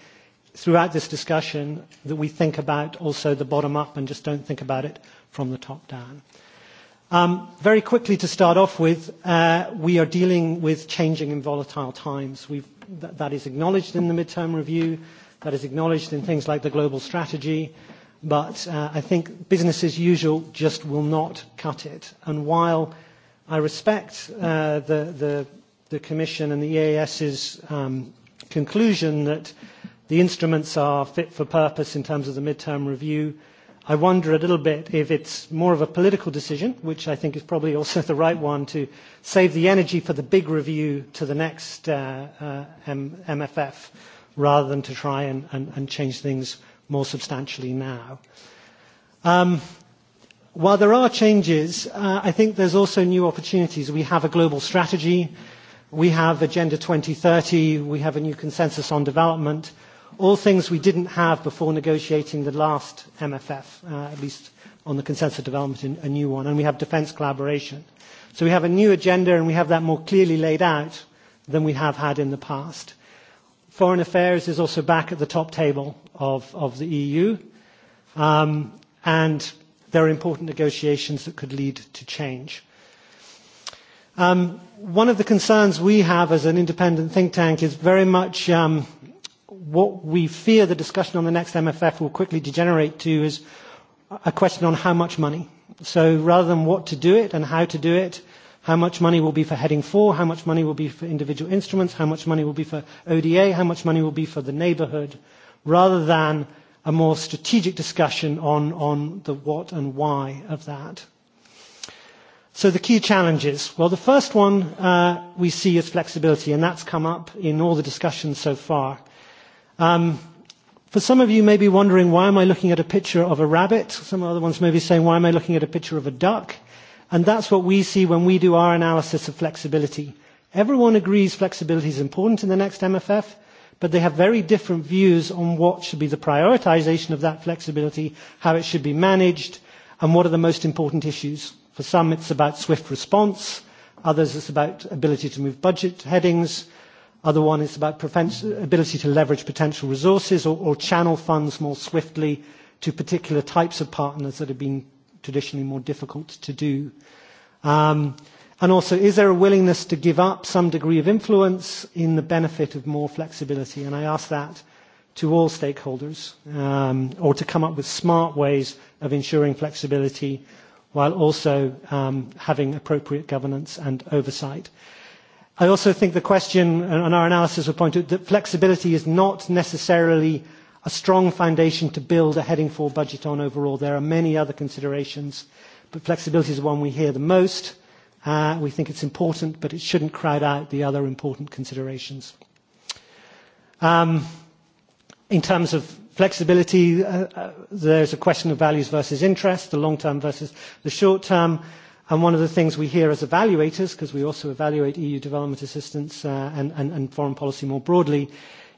throughout this discussion that we think about also the bottom up and just don't think about it from the top down. Um, very quickly to start off with, uh, we are dealing with changing and volatile times. We've, th- that is acknowledged in the midterm review, that is acknowledged in things like the global strategy, but uh, I think business as usual just will not cut it. And while I respect uh, the, the the Commission and the EAS's um, conclusion that the instruments are fit for purpose in terms of the midterm review. I wonder a little bit if it's more of a political decision, which I think is probably also [laughs] the right one, to save the energy for the big review to the next uh, uh, M MFF rather than to try and, and, and change things more substantially now. Um, while there are changes, uh, I think there's also new opportunities. We have a global strategy We have Agenda 2030, we have a new consensus on development, all things we didn't have before negotiating the last MFF, uh, at least on the consensus development, a new one, and we have defence collaboration. So we have a new agenda and we have that more clearly laid out than we have had in the past. Foreign affairs is also back at the top table of, of the EU, um, and there are important negotiations that could lead to change. Um, one of the concerns we have as an independent think tank is very much um, what we fear the discussion on the next MFF will quickly degenerate to is a question on how much money. So rather than what to do it and how to do it, how much money will be for heading four, how much money will be for individual instruments, how much money will be for ODA, how much money will be for the neighbourhood, rather than a more strategic discussion on, on the what and why of that. So the key challenges. Well, the first one uh, we see is flexibility, and that's come up in all the discussions so far. Um, for some of you may be wondering, why am I looking at a picture of a rabbit? Some other ones may be saying, why am I looking at a picture of a duck? And that's what we see when we do our analysis of flexibility. Everyone agrees flexibility is important in the next MFF, but they have very different views on what should be the prioritization of that flexibility, how it should be managed, and what are the most important issues. For some, it's about swift response. Others, it's about ability to move budget headings. Other one is about ability to leverage potential resources or, channel funds more swiftly to particular types of partners that have been traditionally more difficult to do. Um, and also, is there a willingness to give up some degree of influence in the benefit of more flexibility? And I ask that to all stakeholders, um, or to come up with smart ways of ensuring flexibility while also um, having appropriate governance and oversight. I also think the question uh, and our analysis will point that flexibility is not necessarily a strong foundation to build a heading for budget on overall. There are many other considerations, but flexibility is the one we hear the most. Uh, we think it's important, but it shouldn't crowd out the other important considerations. Um, in terms of Flexibility, uh, uh there's a question of values versus interest, the long term versus the short term. And one of the things we hear as evaluators, because we also evaluate EU development assistance uh, and, and, and foreign policy more broadly,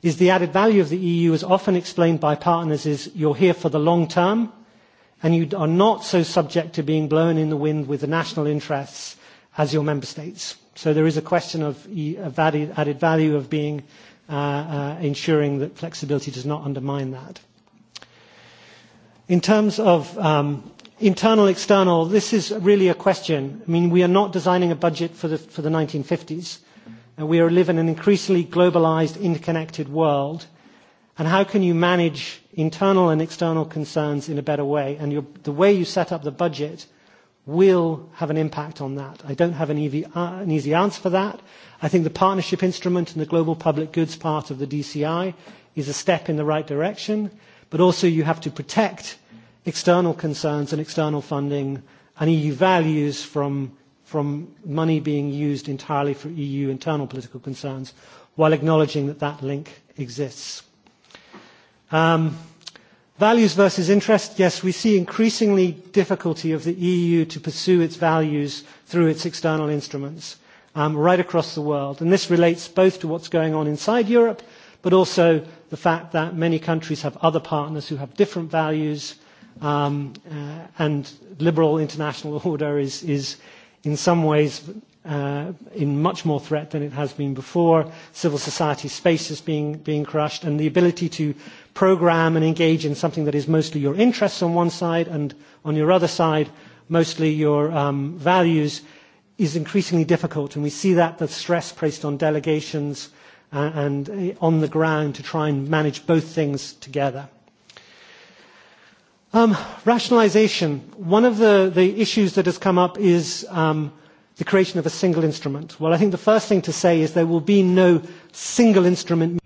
is the added value of the EU is often explained by partners is you're here for the long term and you are not so subject to being blown in the wind with the national interests as your member states. So there is a question of e, added value of being Uh, uh, ensuring that flexibility does not undermine that. In terms of um, internal, external, this is really a question. I mean, we are not designing a budget for the, for the 1950s. And we are living in an increasingly globalized, interconnected world. And how can you manage internal and external concerns in a better way? And your, the way you set up the budget – will have an impact on that. I don't have uh, an, easy answer for that. I think the partnership instrument and the global public goods part of the DCI is a step in the right direction, but also you have to protect external concerns and external funding and EU values from, money being used entirely for EU internal political concerns while acknowledging that that link exists. Um, Values versus interest, yes, we see increasingly difficulty of the EU to pursue its values through its external instruments um, right across the world. And this relates both to what's going on inside Europe, but also the fact that many countries have other partners who have different values, um, uh, and liberal international [laughs] order is, is in some ways uh, in much more threat than it has been before. Civil society space is being, being crushed, and the ability to program and engage in something that is mostly your interests on one side and on your other side, mostly your um, values, is increasingly difficult. And we see that the stress placed on delegations uh, and uh, on the ground to try and manage both things together. Um, rationalization. One of the, the issues that has come up is um, the creation of a single instrument. Well, I think the first thing to say is there will be no single instrument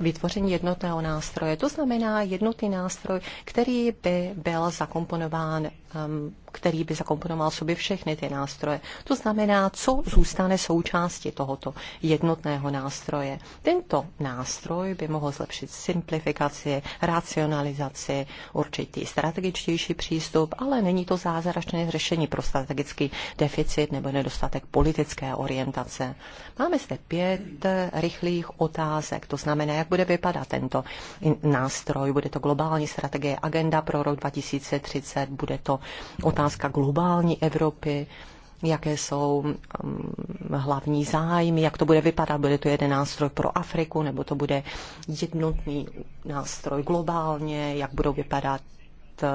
vytvoření jednotného nástroje. To znamená jednotný nástroj, který by byl zakomponován, um, který by zakomponoval sobě všechny ty nástroje. To znamená, co zůstane součástí tohoto jednotného nástroje. Tento nástroj by mohl zlepšit simplifikaci, racionalizaci, určitý strategičtější přístup, ale není to zázračné řešení pro strategický deficit nebo nedostatek politické orientace. Máme zde pět rychlých otázek, to znamená, znamená, jak bude vypadat tento nástroj. Bude to globální strategie, agenda pro rok 2030, bude to otázka globální Evropy, jaké jsou um, hlavní zájmy, jak to bude vypadat. Bude to jeden nástroj pro Afriku, nebo to bude jednotný nástroj globálně, jak budou vypadat Eh,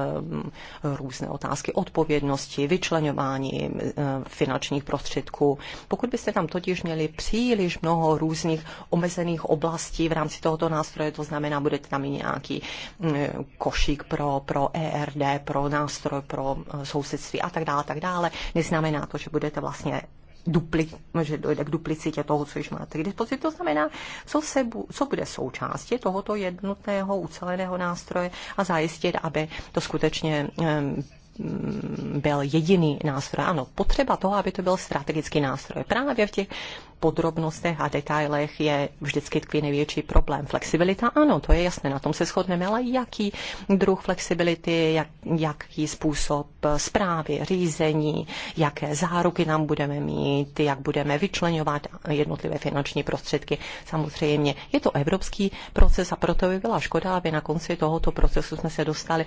různé otázky odpovědnosti, vyčlenování eh, finančních prostředků. Pokud byste tam totiž měli příliš mnoho různých omezených oblastí v rámci tohoto nástroje, to znamená, budete tam i nějaký mm, košík pro, pro ERD, pro nástroj, pro eh, sousedství a tak dále, a tak dále, neznamená to, že budete vlastně dupli, že dojde k duplicitě toho, co již máte k dispozici. To znamená, co, se, co bude součástí tohoto jednotného uceleného nástroje a zajistit, aby to skutečně byl jediný nástroj. Ano, potřeba toho, aby to byl strategický nástroj. Právě v těch podrobnostech a detailech je vždycky tkví největší problém. Flexibilita, ano, to je jasné, na tom se shodneme, ale jaký druh flexibility, jak, jaký způsob zprávy, řízení, jaké záruky nám budeme mít, jak budeme vyčlenovat jednotlivé finanční prostředky. Samozřejmě je to evropský proces a proto by byla škoda, aby na konci tohoto procesu jsme se dostali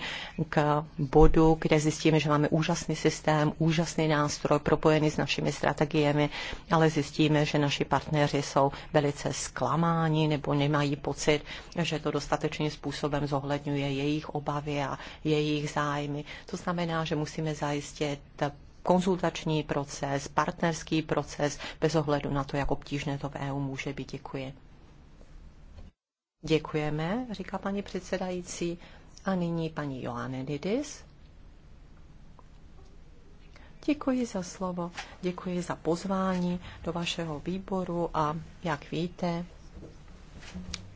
k bodu, kde zjistíme, že máme úžasný systém, úžasný nástroj propojený s našimi strategiemi, ale zjistíme, že naši partneři jsou velice zklamáni nebo nemají pocit, že to dostatečným způsobem zohledňuje jejich obavy a jejich zájmy. To znamená, že musíme zajistit konzultační proces, partnerský proces, bez ohledu na to, jak obtížné to v EU může být. Děkuji. Děkujeme, říká paní předsedající. A nyní paní Joanne Didis. Děkuji za slovo, děkuji za pozvání do vašeho výboru a jak víte,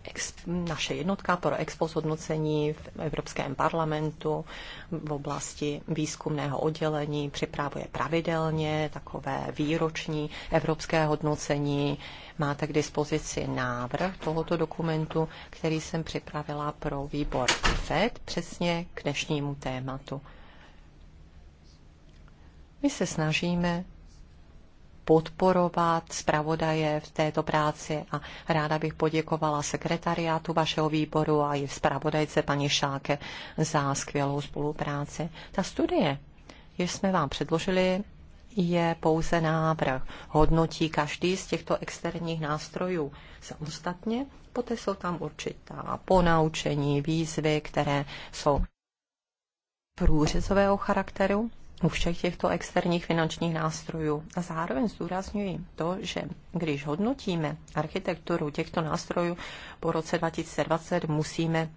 ex, naše jednotka pro expoz v Evropském parlamentu v oblasti výzkumného oddělení připravuje pravidelně takové výroční evropské hodnocení. Máte k dispozici návrh tohoto dokumentu, který jsem připravila pro výbor FED přesně k dnešnímu tématu. My se snažíme podporovat zpravodaje v této práci a ráda bych poděkovala sekretariátu vašeho výboru a i zpravodajce paní Šáke za skvělou spolupráci. Ta studie, jež jsme vám předložili, je pouze návrh. Hodnotí každý z těchto externích nástrojů samostatně, poté jsou tam určitá ponaučení, výzvy, které jsou průřezového charakteru u všech těchto externích finančních nástrojů. A zároveň zdůrazňuji to, že když hodnotíme architekturu těchto nástrojů po roce 2020, musíme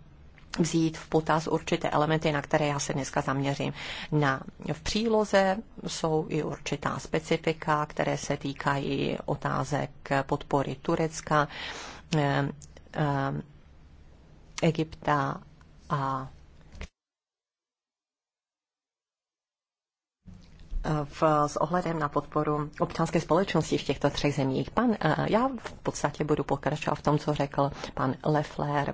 vzít v potaz určité elementy, na které já se dneska zaměřím. Na, v příloze jsou i určitá specifika, které se týkají otázek podpory Turecka, eh, eh, Egypta a v, s ohledem na podporu občanské společnosti v těchto třech zemích. Pan, eh, já v podstatě budu pokračovat v tom, co řekl pan Leffler.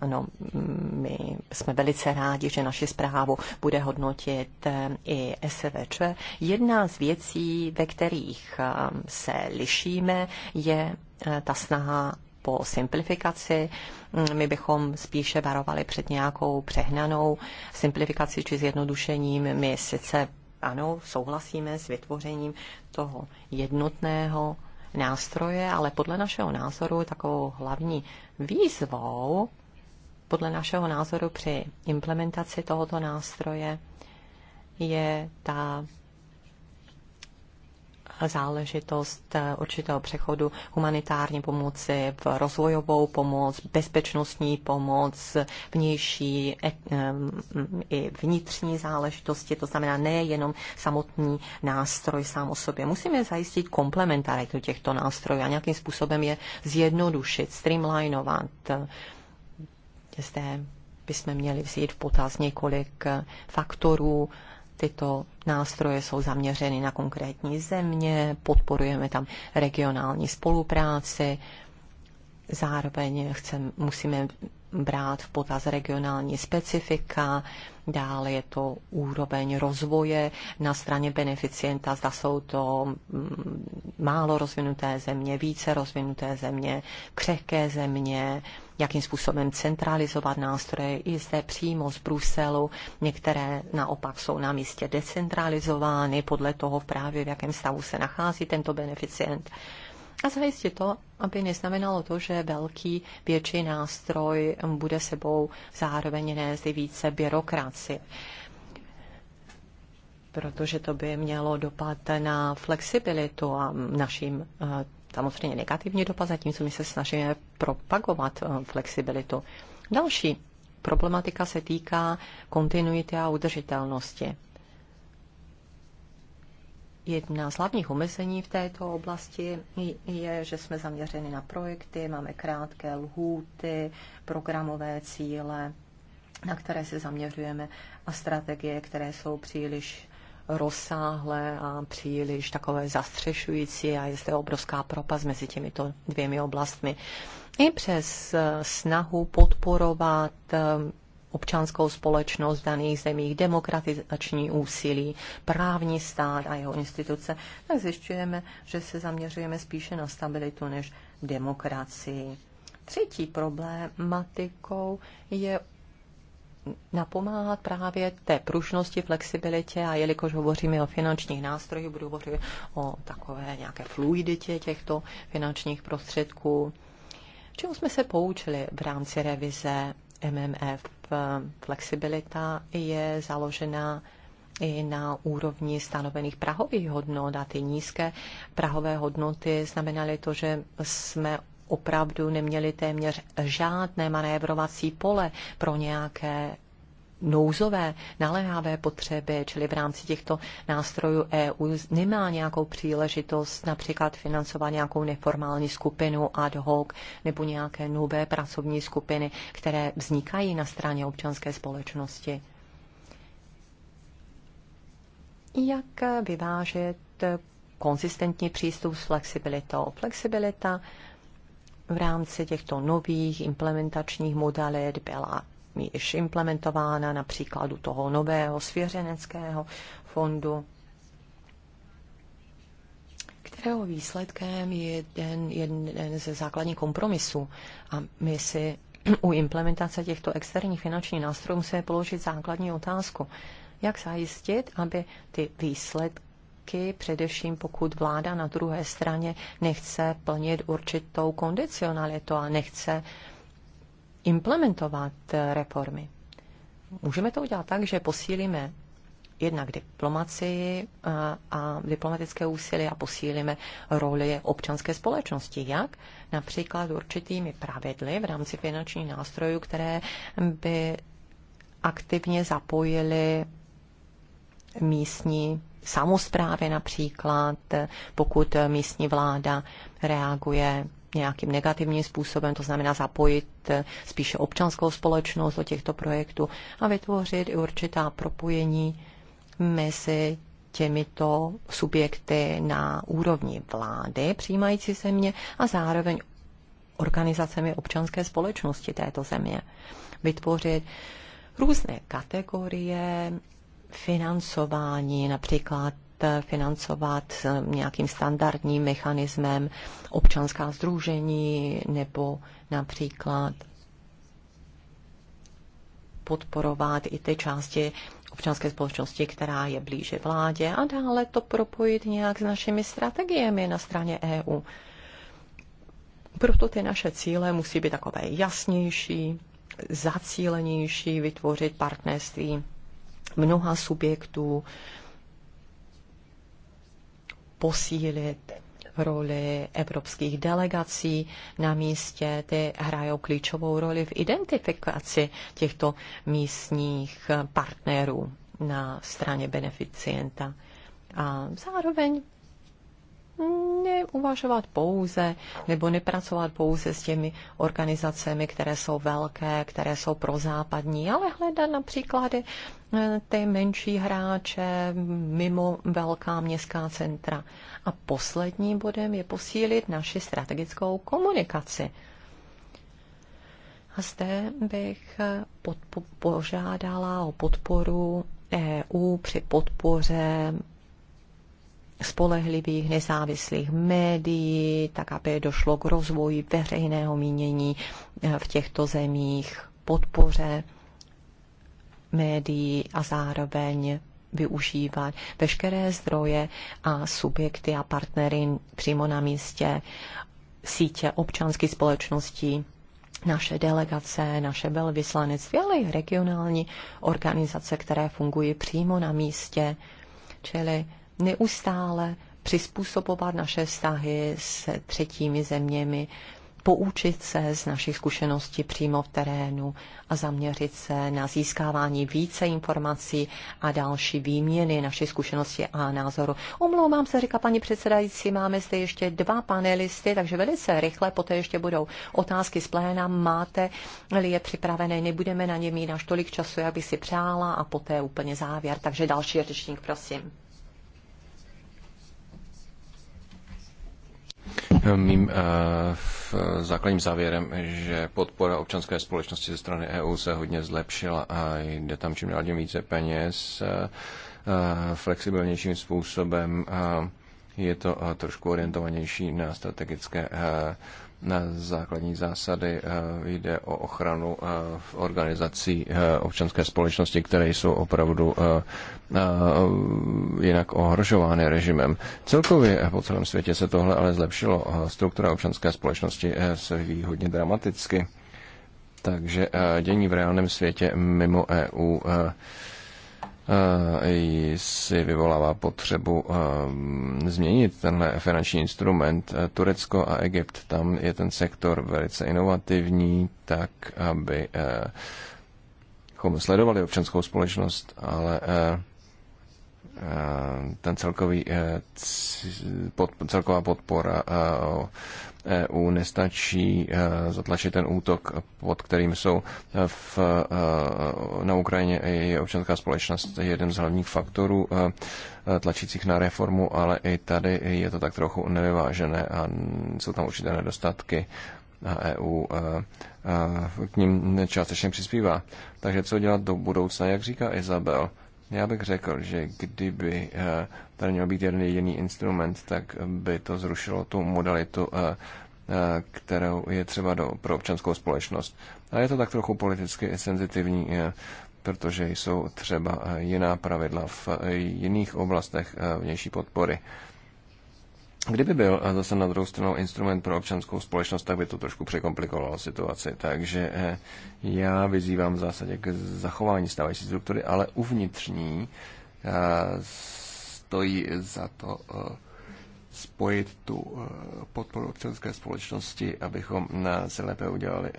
Ano, eh, my jsme velice rádi, že naši zprávu bude hodnotit eh, i SVČ. Jedna z věcí, ve kterých se lišíme, je ta snaha po simplifikaci. Mm, my bychom spíše varovali před nějakou přehnanou simplifikaci či zjednodušením. My sice ano, souhlasíme s vytvořením toho jednotného nástroje, ale podle našeho názoru takovou hlavní výzvou, podle našeho názoru při implementaci tohoto nástroje je ta záležitost eh, určitého přechodu humanitární pomoci v rozvojovou pomoc, bezpečnostní pomoc, vnější eh, mm, i vnitřní záležitosti, to znamená nejenom samotný nástroj sám o sobě. Musíme zajistit komplementaritu těchto nástrojů a nějakým způsobem je zjednodušit, streamlinovat. Zde bychom měli vzít v potaz několik faktorů, tyto nástroje jsou zaměřeny na konkrétní země, podporujeme tam regionální spolupráci, zároveň chcem, musíme brát v potaz regionální specifika, dále je to úroveň rozvoje na straně beneficienta, zda jsou to mm, málo rozvinuté země, více rozvinuté země, křehké země, jakým způsobem centralizovat nástroje i zde přímo z Bruselu. Některé naopak jsou na místě decentralizovány podle toho právě, v jakém stavu se nachází tento beneficient a zajistit to, aby neznamenalo to, že velký větší nástroj bude sebou zároveň nést i více byrokracie protože to by mělo dopad na flexibilitu a naším eh, samozřejmě negativní dopad, zatímco my se snažíme propagovat eh, flexibilitu. Další problematika se týká kontinuity a udržitelnosti. Jedna z hlavních omezení v této oblasti je, že jsme zaměřeni na projekty, máme krátké lhůty, programové cíle, na které se zaměřujeme a strategie, které jsou příliš rozsáhlé a příliš takové zastřešující a je zde obrovská propast mezi těmito dvěmi oblastmi. I přes snahu podporovat občanskou společnost v daných zemích, demokratizační úsilí, právní stát a jeho instituce, tak zjišťujeme, že se zaměřujeme spíše na stabilitu než demokracii. Třetí problématikou je napomáhat právě té pružnosti, flexibilitě a jelikož hovoříme o finančních nástrojích, budu hovořit o takové nějaké fluiditě těchto finančních prostředků. Čemu jsme se poučili v rámci revize MMF? flexibilita je založená i na úrovni stanovených prahových hodnot a ty nízké prahové hodnoty znamenaly to, že jsme opravdu neměli téměř žádné manévrovací pole pro nějaké nouzové, naléhavé potřeby, čili v rámci těchto nástrojů EU nemá nějakou příležitost například financovat nějakou neformální skupinu ad hoc nebo nějaké nové pracovní skupiny, které vznikají na straně občanské společnosti. Jak vyvážet konzistentní přístup s flexibilitou? Flexibilita v rámci těchto nových implementačních modalit byla již implementována na příkladu toho nového svěřeneckého fondu, kterého výsledkem je jeden, jeden ze základních kompromisů. A my si u implementace těchto externích finančních nástrojů musíme položit základní otázku. Jak zajistit, aby ty výsledky, především pokud vláda na druhé straně nechce plnit určitou kondicionalitu a nechce uh, implementovat eh, reformy. Můžeme to udělat tak, že posílíme jednak diplomacii a, eh, a diplomatické úsilí a posílíme roli občanské společnosti. Jak? Například určitými pravidly v rámci finančních nástrojů, které by aktivně zapojily místní samozprávy například, eh, pokud místní vláda reaguje nějakým negativním způsobem, to znamená zapojit eh, spíše občanskou společnost do těchto projektů a vytvořit i určitá propojení mezi těmito subjekty na úrovni vlády přijímající země a zároveň organizacemi občanské společnosti této země. Vytvořit různé kategorie financování, například financovat eh, nějakým standardním mechanismem občanská združení nebo například podporovat i ty části občanské společnosti, která je blíže vládě a dále to propojit nějak s našimi strategiemi na straně EU. Proto ty naše cíle musí být takové jasnější, zacílenější, vytvořit partnerství mnoha subjektů, posílit roli evropských delegací na místě. Ty hrajou klíčovou roli v identifikaci těchto místních partnerů na straně beneficienta. A zároveň neuvažovat pouze nebo nepracovat pouze s těmi organizacemi, které jsou velké, které jsou prozápadní, ale hledat například eh, ty menší hráče mimo velká městská centra. A posledním bodem je posílit naši strategickou komunikaci. A zde bych eh, podpo- požádala o podporu EU při podpoře spolehlivých nezávislých médií, tak aby došlo k rozvoji veřejného mínění eh, v těchto zemích, podpoře médií a zároveň využívat veškeré zdroje a subjekty a partnery přímo na místě, sítě občanských společností, naše delegace, naše velvyslanectví, ale i regionální organizace, které fungují přímo na místě, čili neustále přizpůsobovat naše vztahy s třetími zeměmi, poučit se z našich zkušeností přímo v terénu a zaměřit se na získávání více informací a další výměny našich zkušeností a názoru. Omlouvám se, říká paní předsedající, máme zde ještě dva panelisty, takže velice rychle, poté ještě budou otázky z pléna, máte-li je připravené, nebudeme na ně mít až tolik času, jak by si přála a poté úplně závěr, takže další řečník, prosím. Mým eh, eh, základním závěrem, že podpora občanské společnosti ze strany EU se hodně zlepšila a jde tam čím dál tím více peněz eh, flexibilnějším způsobem. Je to trošku orientovanější na strategické na základní zásady. Eh, jde o ochranu eh, v organizací eh, občanské společnosti, které jsou opravdu jinak ohrožovány režimem. Celkově po celém světě se tohle ale zlepšilo. Struktura občanské společnosti se vyvíjí hodně dramaticky. Takže dění v reálném světě mimo EU Eh, si vyvolává potřebu eh, změnit tenhle finanční instrument. Eh, Turecko a Egypt, tam je ten sektor velice inovativní, tak aby sledovali občanskou společnost, ale ten celkový, eh, pod, celková podpora EU eh, e nestačí eh, zatlačit ten útok, pod kterým jsou v, na Ukrajině i občanská společnost jeden z hlavních faktorů tlačících na reformu, ale i tady je to tak trochu nevyvážené a jsou tam určité nedostatky a EU k ním částečně přispívá. Takže co dělat do budoucna, jak říká Izabel? Já bych řekl, že kdyby eh, tady měl být jeden jediný instrument, tak by to zrušilo tu modalitu, eh, eh, kterou je třeba do, pro občanskou společnost. A je to tak trochu politicky senzitivní, protože jsou třeba jiná pravidla v jiných oblastech vnější podpory. Kdyby byl eh, zase na druhou stranu instrument pro občanskou společnost, tak by to trošku překomplikovalo situaci. Takže eh, já vyzývám v zásadě k zachování stávající struktury, ale uvnitřní eh, stojí za to spojit tu podporu občanské společnosti, abychom se lépe udělali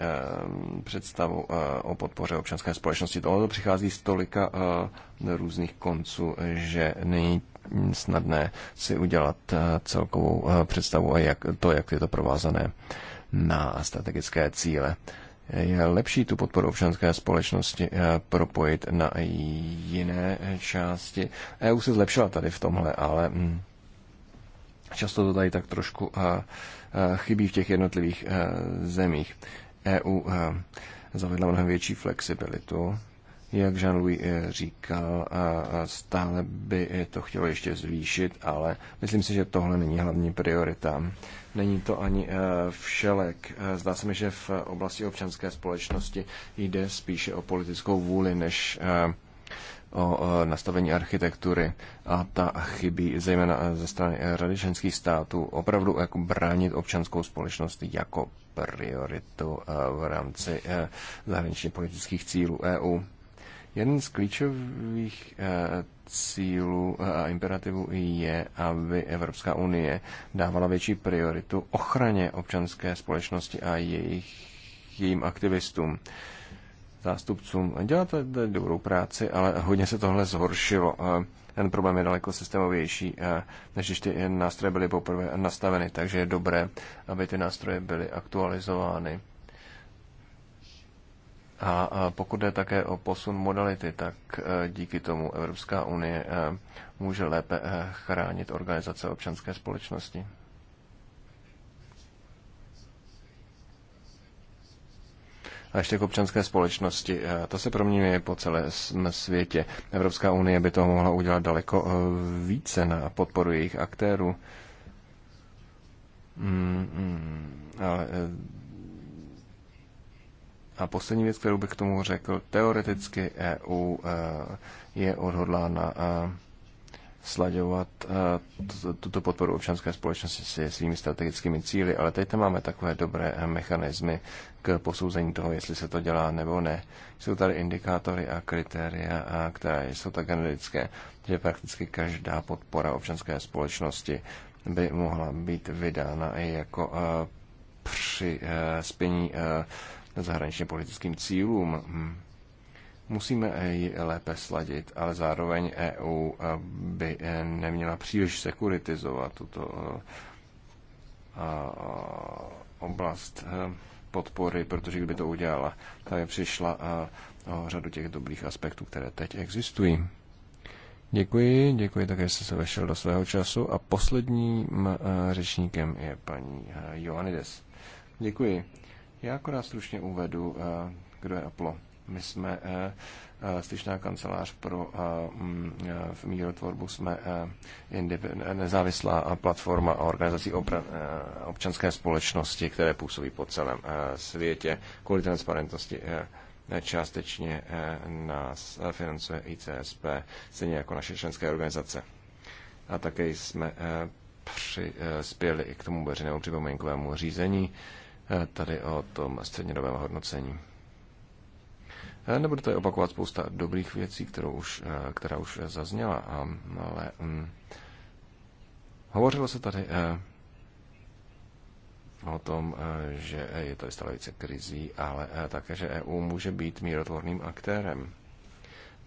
představu o podpoře občanské společnosti. Tohle přichází z tolika různých konců, že není Mm, snadné si udělat eh, celkovou eh, představu a jak to, jak je to provázané na strategické cíle. Je lepší tu podporu občanské společnosti eh, propojit na jiné části. EU se zlepšila tady v tomhle, ale mm, často to tady tak trošku chybí v těch jednotlivých zemích. EU zavedla mnohem větší flexibilitu jak Jean-Louis eh, říkal, stále by eh, to chtělo ještě zvýšit, ale myslím si, že tohle není hlavní priorita. Není to ani eh, všelek. Zdá se mi, že v oblasti občanské společnosti jde spíše o politickou vůli, než o nastavení architektury a ta chybí zejména ze strany Rady členských států opravdu jako bránit občanskou společnost jako prioritu v rámci zahraničně politických cílů EU. Jeden z klíčových eh, cílů eh, a imperativů je, aby Evropská unie dávala větší prioritu ochraně občanské společnosti a jejich, jejím aktivistům zástupcům. Děláte dobrou práci, ale hodně se tohle zhoršilo. Eh, ten problém je daleko systémovější, než když ty nástroje byly poprvé nastaveny, takže je dobré, aby ty nástroje byly aktualizovány a pokud jde také o posun modality, tak e, díky tomu Evropská unie e, může lépe e, chránit organizace občanské společnosti. A ještě k občanské společnosti. To se proměňuje po celém světě. Evropská unie by toho mohla udělat daleko více na podporu jejich aktérů. Mm, mm, ale a poslední věc, kterou bych k tomu řekl, teoreticky EU eh, je odhodlána eh, slaďovat eh, tuto podporu občanské společnosti se svými strategickými cíly, ale teď tam máme takové dobré mechanismy k posouzení toho, jestli se to dělá nebo ne. Jsou tady indikátory a kritéria, které jsou tak generické, že prakticky každá podpora občanské společnosti by mohla být vydána i jako při spění zahraničně politickým cílům. Hm. Musíme ji lépe sladit, ale zároveň EU eh, by eh, neměla příliš sekuritizovat tuto eh, oblast podpory, protože kdyby to udělala, tak by přišla o řadu těch dobrých aspektů, které teď existují. Děkuji, děkuji také, že jste se vešel do svého času a posledním řečníkem je paní Johannides. Děkuji. Já akorát stručně uvedu, eh, kdo je Apollo. My jsme eh, eh, styčná kancelář pro mm, v mírotvorbu, jsme nezávislá platforma a organizací občanské společnosti, které působí po celém světě kvůli transparentnosti částečně nás financuje ICSP, stejně jako naše členské organizace. A také jsme přispěli i k tomu veřejnému připomínkovému řízení, Eh, tady o tom střednědobém hodnocení. Eh, Nebudu tady opakovat spousta dobrých věcí, kterou už, eh, která už zazněla, ale hm, hovořilo se tady eh, o tom, že je tady stále více krizí, ale eh, také, že EU může být mírotvorným aktérem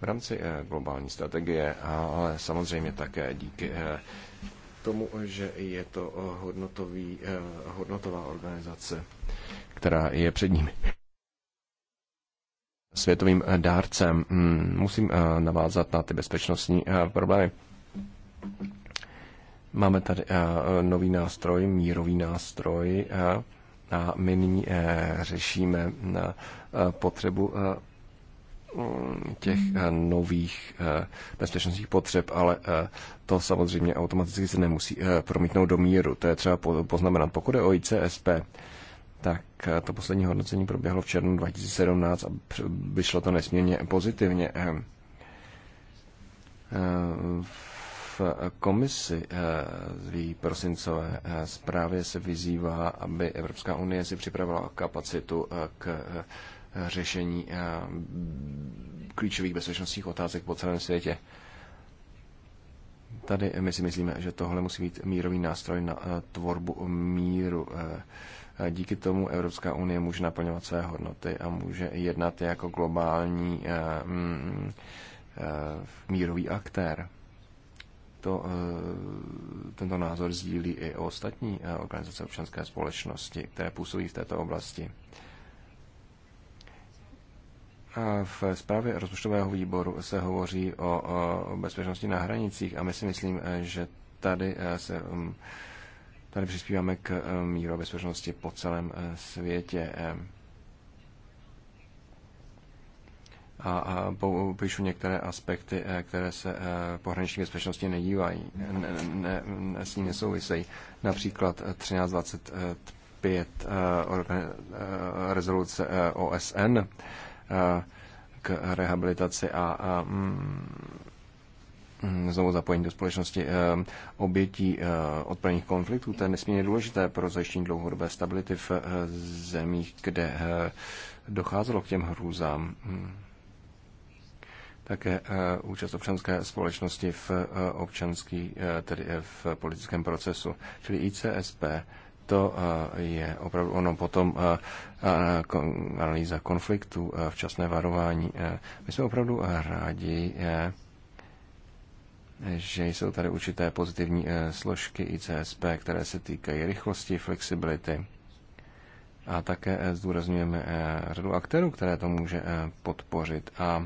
v rámci globální strategie, ale samozřejmě také díky tomu, že je to eh, hodnotový, eh, hodnotová organizace, která je před nimi světovým eh, dárcem. Hm, musím navázat na ty bezpečnostní problémy. Máme tady nový nástroj, mírový nástroj a my nyní řešíme potřebu Eh, těch eh, nových eh, bezpečnostních potřeb, ale to samozřejmě automaticky se nemusí promítnout do míru. To je třeba poznamenat. Pokud je o ICSP, tak to poslední hodnocení proběhlo v červnu 2017 a vyšlo to nesmírně pozitivně. Ehm, v komisi z prosincové zprávě se vyzývá, aby Evropská unie si připravila kapacitu k řešení eh, klíčových bezpečnostních otázek po celém světě. Tady my si myslíme, že tohle musí být mírový nástroj na eh, tvorbu míru. Eh, díky tomu Evropská unie může naplňovat své hodnoty a může jednat jako globální mm, mírový aktér. To, tento názor sdílí i ostatní organizace občanské společnosti, které působí v této oblasti v zprávě rozpočtového výboru se hovoří o, o bezpečnosti na hranicích a my si myslím, že tady eh, se mm, tady přispíváme k eh, míru a bezpečnosti po celém eh, světě. A, a popíšu některé aspekty, které se pohraniční bezpečnosti nedívají, ne, ne, ne, s ní nesouvisejí. Například 1325 rezoluce OSN k rehabilitaci a mm, znovu zapojení do společnosti e, obětí e, odplněných konfliktů. To je nesmírně důležité pro zajištění dlouhodobé stability v e, zemích, kde docházelo k těm hrůzám. Mm. Také účast občanské společnosti v občanský, tedy v politickém procesu. Čili ICSP to eh, je opravdu ono potom eh, eh, analýza konfliktu, včasné varování. My jsme opravdu rádi, že jsou tady určité pozitivní složky ICSP, které se týkají rychlosti, flexibility. A také zdůrazňujeme řadu aktérů, které to může podpořit a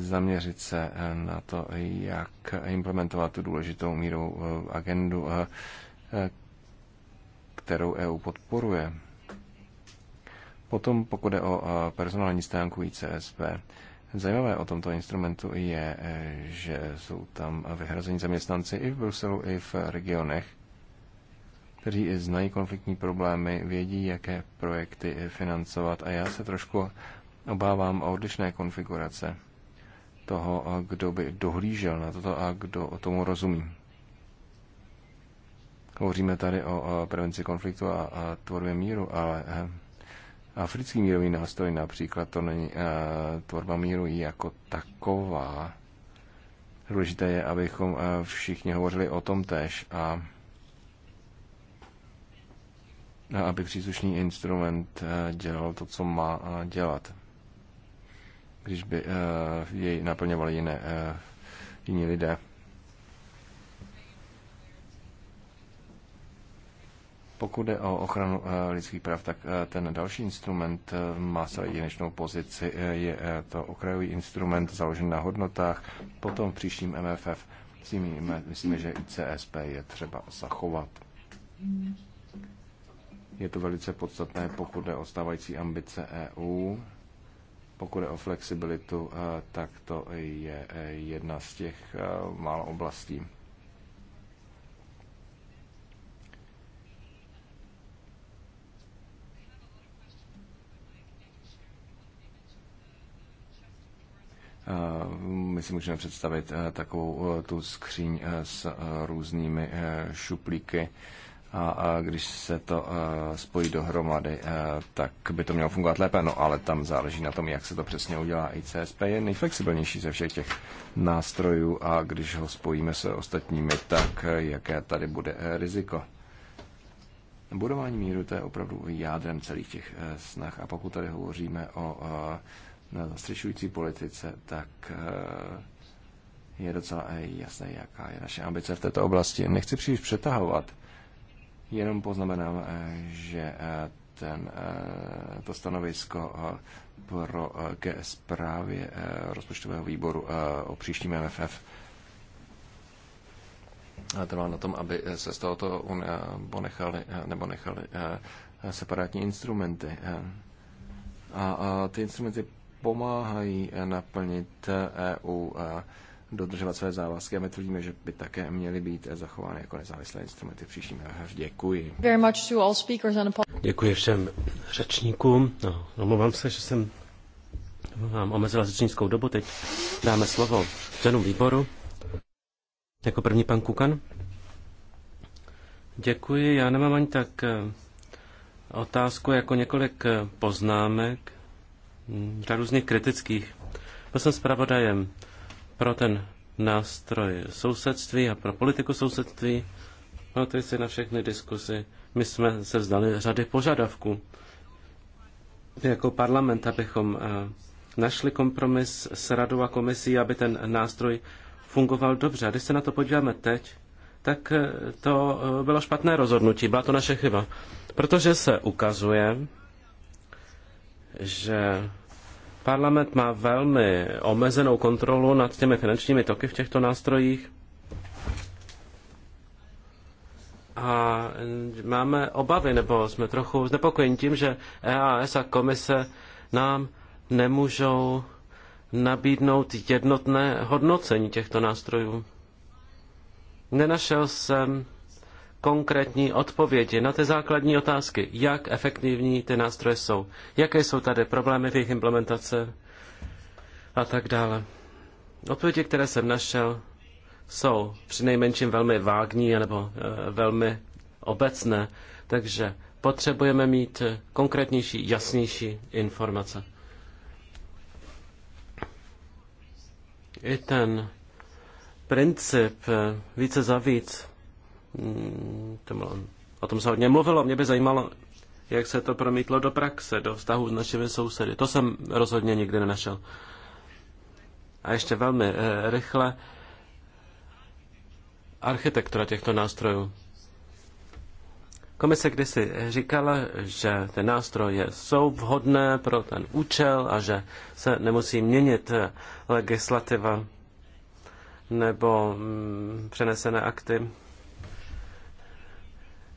zaměřit se na to, jak implementovat tu důležitou mírovou agendu kterou EU podporuje. Potom, pokud je o eh, personální stránku ICSP, Zajímavé o tomto instrumentu je, eh, že jsou tam vyhrazení zaměstnanci i v Bruselu, i v regionech, kteří znají konfliktní problémy, vědí, jaké projekty financovat a já se trošku obávám o odlišné konfigurace toho, eh, kdo by dohlížel na toto a kdo o tomu rozumí. Hovoříme tady o prevenci konfliktu a tvorbě míru, ale eh, africký mírový nástroj například, to není eh, tvorba míru jako taková. Důležité je, abychom eh, všichni hovořili o tom tež a aby příslušný instrument dělal to, co má dělat. Když by jej naplňovali jiné, jiní lidé. Pokud jde o ochranu eh, lidských práv, tak eh, ten další instrument eh, má celé jedinečnou pozici. Je to okrajový instrument založený na hodnotách. Potom v příštím MFF si myslíme, že ICSP je třeba zachovat. Je to velice podstatné, pokud jde o stávající ambice EU. Pokud je o flexibilitu, tak to je jedna z těch málo oblastí, My si můžeme představit eh, takovou eh, tu skříň eh, s různými šuplíky a když se to spojí dohromady, tak by to mělo fungovat lépe, no ale tam záleží na tom, jak se to přesně udělá. ICSP je nejflexibilnější ze všech těch nástrojů a když ho spojíme se ostatními, tak jaké tady bude riziko. Budování míru to je opravdu jádrem celých těch snah a pokud tady hovoříme o na zastřešující politice, tak eh, je docela eh, jasné, jaká je naše ambice v této oblasti. Nechci příliš přetahovat, jenom poznamenám, eh, že ten, to stanovisko pro ke zprávě rozpočtového výboru o příštím MFF trvá na tom, aby se z tohoto ponechali nebo nechali separátní instrumenty. A, a ty instrumenty pomáhají eh, naplnit eh, EU a eh, dodržovat své závazky a my tvrdíme, že by také měly být zachovány jako nezávislé instrumenty v příštím Děkuji. Děkuji všem řečníkům. No, omlouvám se, že jsem vám omezila řečnickou dobu. Teď dáme slovo členům výboru. Jako první pan Kukan. Děkuji. Já nemám ani tak otázku jako několik poznámek různých mm, kritických. Byl jsem zpravodajem pro ten nástroj sousedství a pro politiku sousedství. Pamatujte si na všechny diskusy. My jsme se vzdali řady požadavků. Jako parlament, abychom eh, našli kompromis s radou a komisí, aby ten nástroj fungoval dobře. A když se na to podíváme teď, tak eh, to eh, bylo špatné rozhodnutí, byla to naše chyba. Protože se ukazuje, že Parlament má velmi omezenou kontrolu nad těmi finančními toky v těchto nástrojích. A máme obavy, nebo jsme trochu znepokojeni tím, že EAS a komise nám nemůžou nabídnout jednotné hodnocení těchto nástrojů. Nenašel jsem konkrétní odpovědi na ty základní otázky, jak efektivní ty nástroje jsou, jaké jsou tady problémy v jejich implementace a tak dále. Odpovědi, které jsem našel, jsou přinejmenším velmi vágní nebo e, eh, velmi obecné, takže potřebujeme mít eh, konkrétnější, jasnější informace. I ten princip eh, více za víc Hmm, o tom se hodně mluvilo. Mě by zajímalo, jak se to promítlo do praxe, do vztahu s našimi sousedy. To jsem rozhodně nikdy nenašel. A ještě velmi eh, rychle architektura těchto nástrojů. Komise kdysi říkala, že ty nástroje jsou vhodné pro ten účel a že se nemusí měnit eh, legislativa nebo mm, přenesené akty.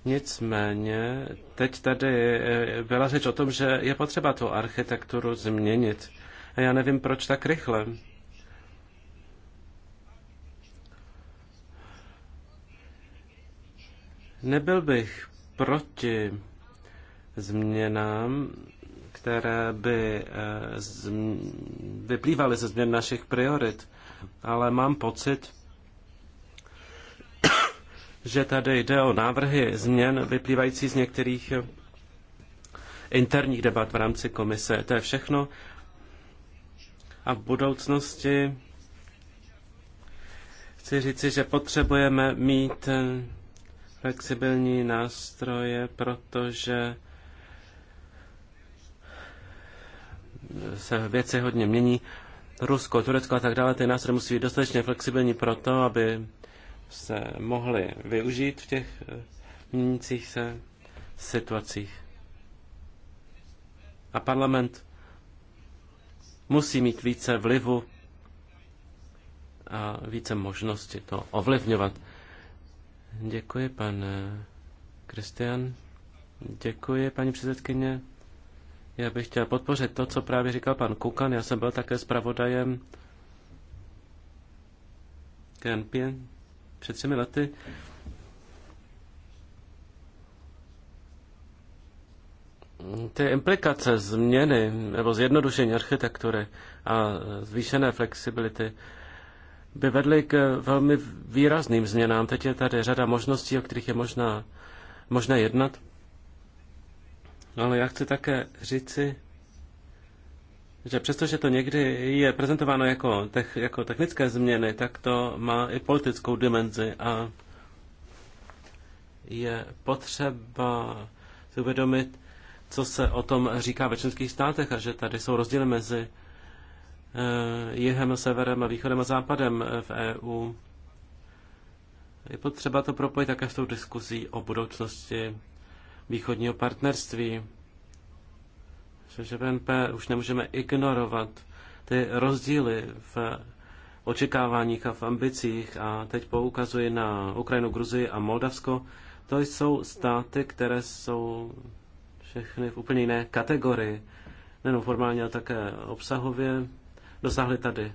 Nicméně, teď tady eh, byla řeč o tom, že je potřeba tu architekturu změnit. A já nevím, proč tak rychle. Nebyl bych proti změnám, které by eh, vyplývaly ze změn našich priorit, ale mám pocit, že tady jde o návrhy změn vyplývající z některých interních debat v rámci komise. To je všechno. A v budoucnosti chci říci, že potřebujeme mít flexibilní nástroje, protože se věci hodně mění. Rusko, Turecko a tak dále, ty nástroje musí být dostatečně flexibilní pro to, aby se mohly využít v těch eh, měnících se situacích. A parlament musí mít více vlivu a více možnosti to ovlivňovat. Děkuji, pan Kristian. Eh, Děkuji, paní předsedkyně. Já bych chtěl podpořit to, co právě říkal pan Kukan. Já jsem byl také zpravodajem Kempin před třemi lety. Ty implikace změny nebo zjednodušení architektury a zvýšené flexibility by vedly k velmi výrazným změnám. Teď je tady řada možností, o kterých je možná, možné jednat. Ale já chci také říci, že přestože to někdy je prezentováno jako, tech, jako technické změny, tak to má i politickou dimenzi a je potřeba si uvědomit, co se o tom říká ve členských státech a že tady jsou rozdíly mezi eh, jihem, severem a východem a západem eh, v EU. Je potřeba to propojit také s tou diskuzí o budoucnosti východního partnerství že VNP už nemůžeme ignorovat ty rozdíly v očekáváních a v ambicích a teď poukazuji na Ukrajinu, Gruzii a Moldavsko. To jsou státy, které jsou všechny v úplně jiné kategorii, nejenom formálně, ale také obsahově. Dosáhli tady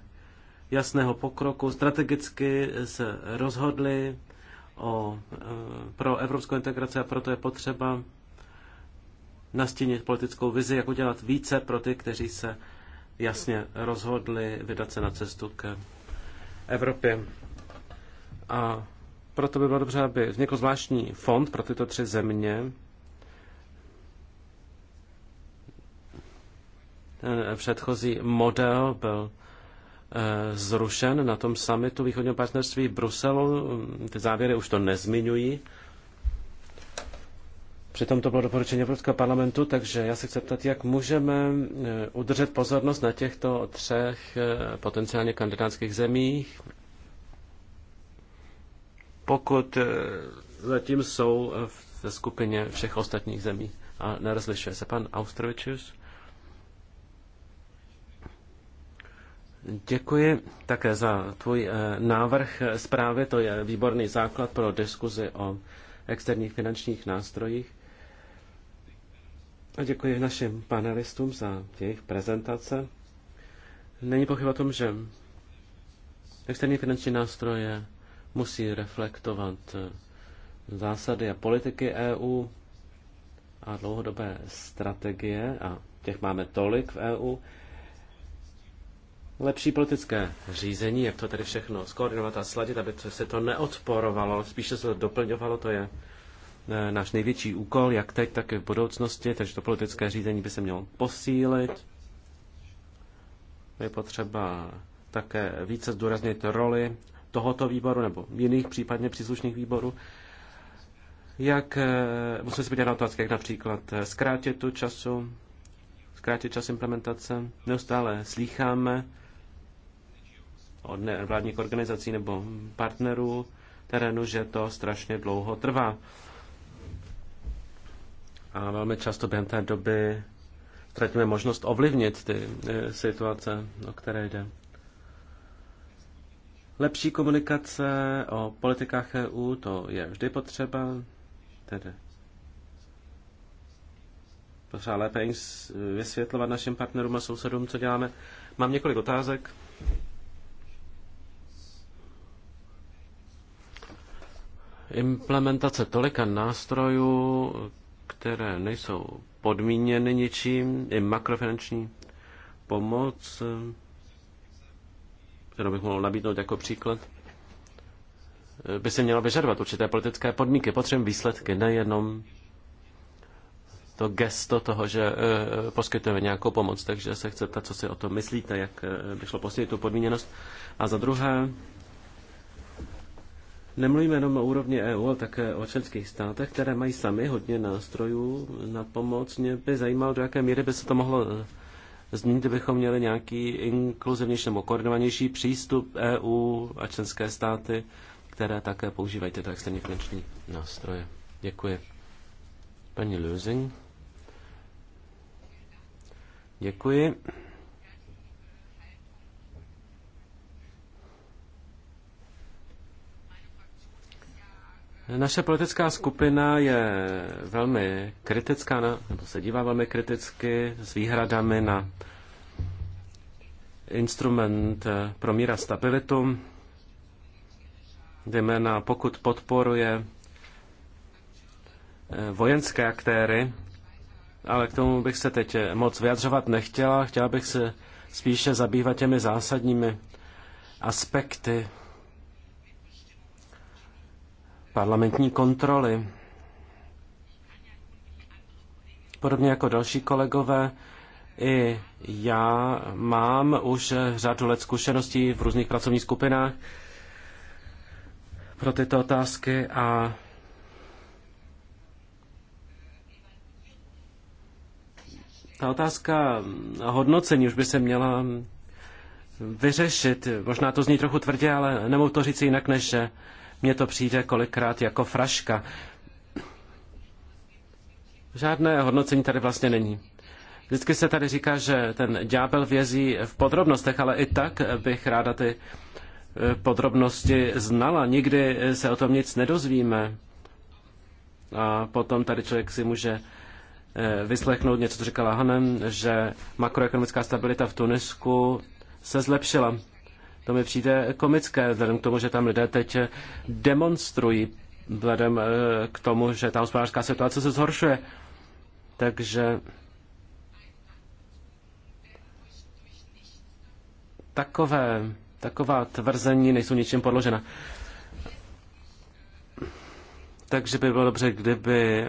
jasného pokroku, strategicky se rozhodli o, e, pro evropskou integraci a proto je potřeba nastínit politickou vizi, jak udělat více pro ty, kteří se jasně rozhodli vydat se na cestu k Evropě. A proto by bylo dobře, aby vznikl zvláštní fond pro tyto tři země. Ten předchozí model byl eh, zrušen na tom samitu východního partnerství v Bruselu. Ty závěry už to nezmiňují. Přitom to bylo doporučení Evropského parlamentu, takže já se chci ptat, jak můžeme eh, udržet pozornost na těchto třech eh, potenciálně kandidátských zemích, pokud eh, zatím jsou ve skupině všech ostatních zemí a nerozlišuje se pan Austrovičius. Děkuji také za tvůj návrh zprávy. To je výborný základ pro diskuzi o externích finančních nástrojích. A děkuji našim panelistům za jejich prezentace. Není pochyb o tom, že externí finanční nástroje musí reflektovat eh, zásady a politiky EU a dlouhodobé strategie, a těch máme tolik v EU, lepší politické řízení, jak to tady všechno skoordinovat a sladit, aby se to neodporovalo, spíše se to doplňovalo, to je E, náš největší úkol, jak teď, tak i v budoucnosti, takže to politické řízení by se mělo posílit. Je potřeba také více zdůraznit roli tohoto výboru nebo jiných případně příslušných výborů. Jak, e, musíme si podívat na otázky, jak například e, zkrátit tu času, zkrátit čas implementace. Neustále slýcháme od vládních organizací nebo partnerů terénu, že to strašně dlouho trvá. A velmi často během té doby ztratíme možnost ovlivnit ty eh, situace, o které jde. Lepší komunikace o politikách EU, to je vždy potřeba, tedy potřeba lépe vysvětlovat našim partnerům a sousedům, co děláme. Mám několik otázek. Implementace tolika nástrojů, které nejsou podmíněny ničím, i makrofinanční pomoc, kterou bych mohl nabídnout jako příklad, by se měla vyžadovat určité politické podmínky. Potřebujeme výsledky, nejenom to gesto toho, že eh, poskytujeme nějakou pomoc, takže se chce ptat, co si o tom myslíte, jak eh, by šlo posílit tu podmíněnost. A za druhé, Nemluvíme jenom o úrovni EU, ale také o členských státech, které mají sami hodně nástrojů na pomoc. Mě by zajímalo, do jaké míry by se to mohlo eh, změnit, kdybychom měli nějaký inkluzivnější nebo koordinovanější přístup EU a členské státy, které také používají tyto externí finanční nástroje. Děkuji. Paní Lusing. Děkuji. Naše politická skupina je velmi kritická, na, nebo se dívá velmi kriticky s výhradami na instrument eh, pro míra stabilitu, na pokud podporuje eh, vojenské aktéry, ale k tomu bych se teď eh, moc vyjadřovat nechtěla. Chtěla bych se spíše zabývat těmi zásadními aspekty parlamentní kontroly. Podobně jako další kolegové, i já mám už řadu let zkušeností v různých pracovních skupinách pro tyto otázky a ta otázka hodnocení už by se měla vyřešit. Možná to zní trochu tvrdě, ale nemohu to říct jinak, než že mně to přijde kolikrát jako fraška. Žádné hodnocení tady vlastně není. Vždycky se tady říká, že ten ďábel vězí v podrobnostech, ale i tak bych ráda ty eh, podrobnosti znala. Nikdy se o tom nic nedozvíme. A potom tady člověk si může eh, vyslechnout něco, co říkala Hanem, že makroekonomická stabilita v Tunisku se zlepšila. To mi přijde komické, vzhledem k tomu, že tam lidé teď demonstrují, vzhledem eh, k tomu, že ta hospodářská situace se zhoršuje. Takže takové, taková tvrzení nejsou ničím podložena. Takže by bylo dobře, kdyby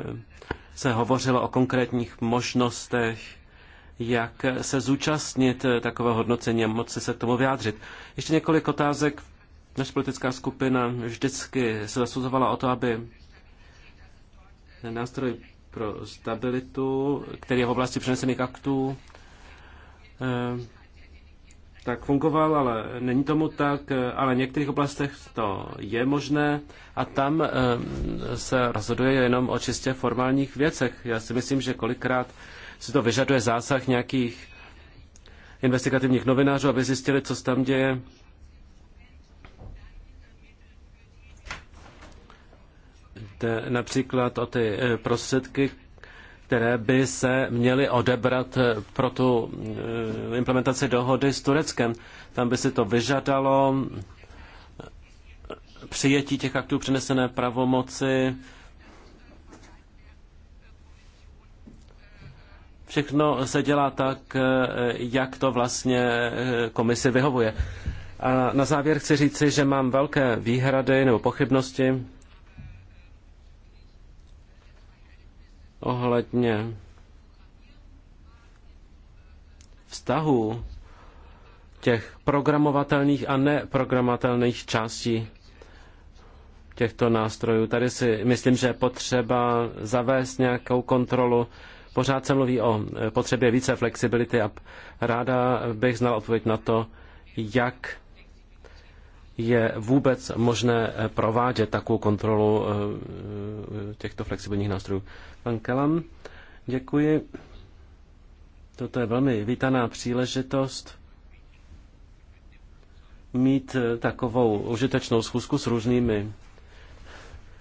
se hovořilo o konkrétních možnostech jak se zúčastnit takového hodnocení a moci se k tomu vyjádřit. Ještě několik otázek. Naš politická skupina vždycky se zasuzovala o to, aby ten nástroj pro stabilitu, který je v oblasti přenesených aktů, eh, tak fungoval, ale není tomu tak, ale v některých oblastech to je možné a tam eh, se rozhoduje jenom o čistě formálních věcech. Já si myslím, že kolikrát si to vyžaduje zásah nějakých investigativních novinářů, aby zjistili, co se tam děje. Jde například o ty eh, prostředky, které by se měly odebrat eh, pro tu eh, implementaci dohody s Tureckem. Tam by se to vyžadalo přijetí těch aktů přenesené pravomoci, Všechno se dělá tak, eh, jak to vlastně eh, komisi vyhovuje. A na závěr chci říci, že mám velké výhrady nebo pochybnosti ohledně vztahu těch programovatelných a neprogramovatelných částí těchto nástrojů. Tady si myslím, že je potřeba zavést nějakou kontrolu Pořád se mluví o e, potřebě více flexibility a ráda bych znal odpověď na to, jak je vůbec možné e, provádět takovou kontrolu e, těchto flexibilních nástrojů. Pan Kelam, děkuji. Toto je velmi vítaná příležitost mít takovou užitečnou schůzku s různými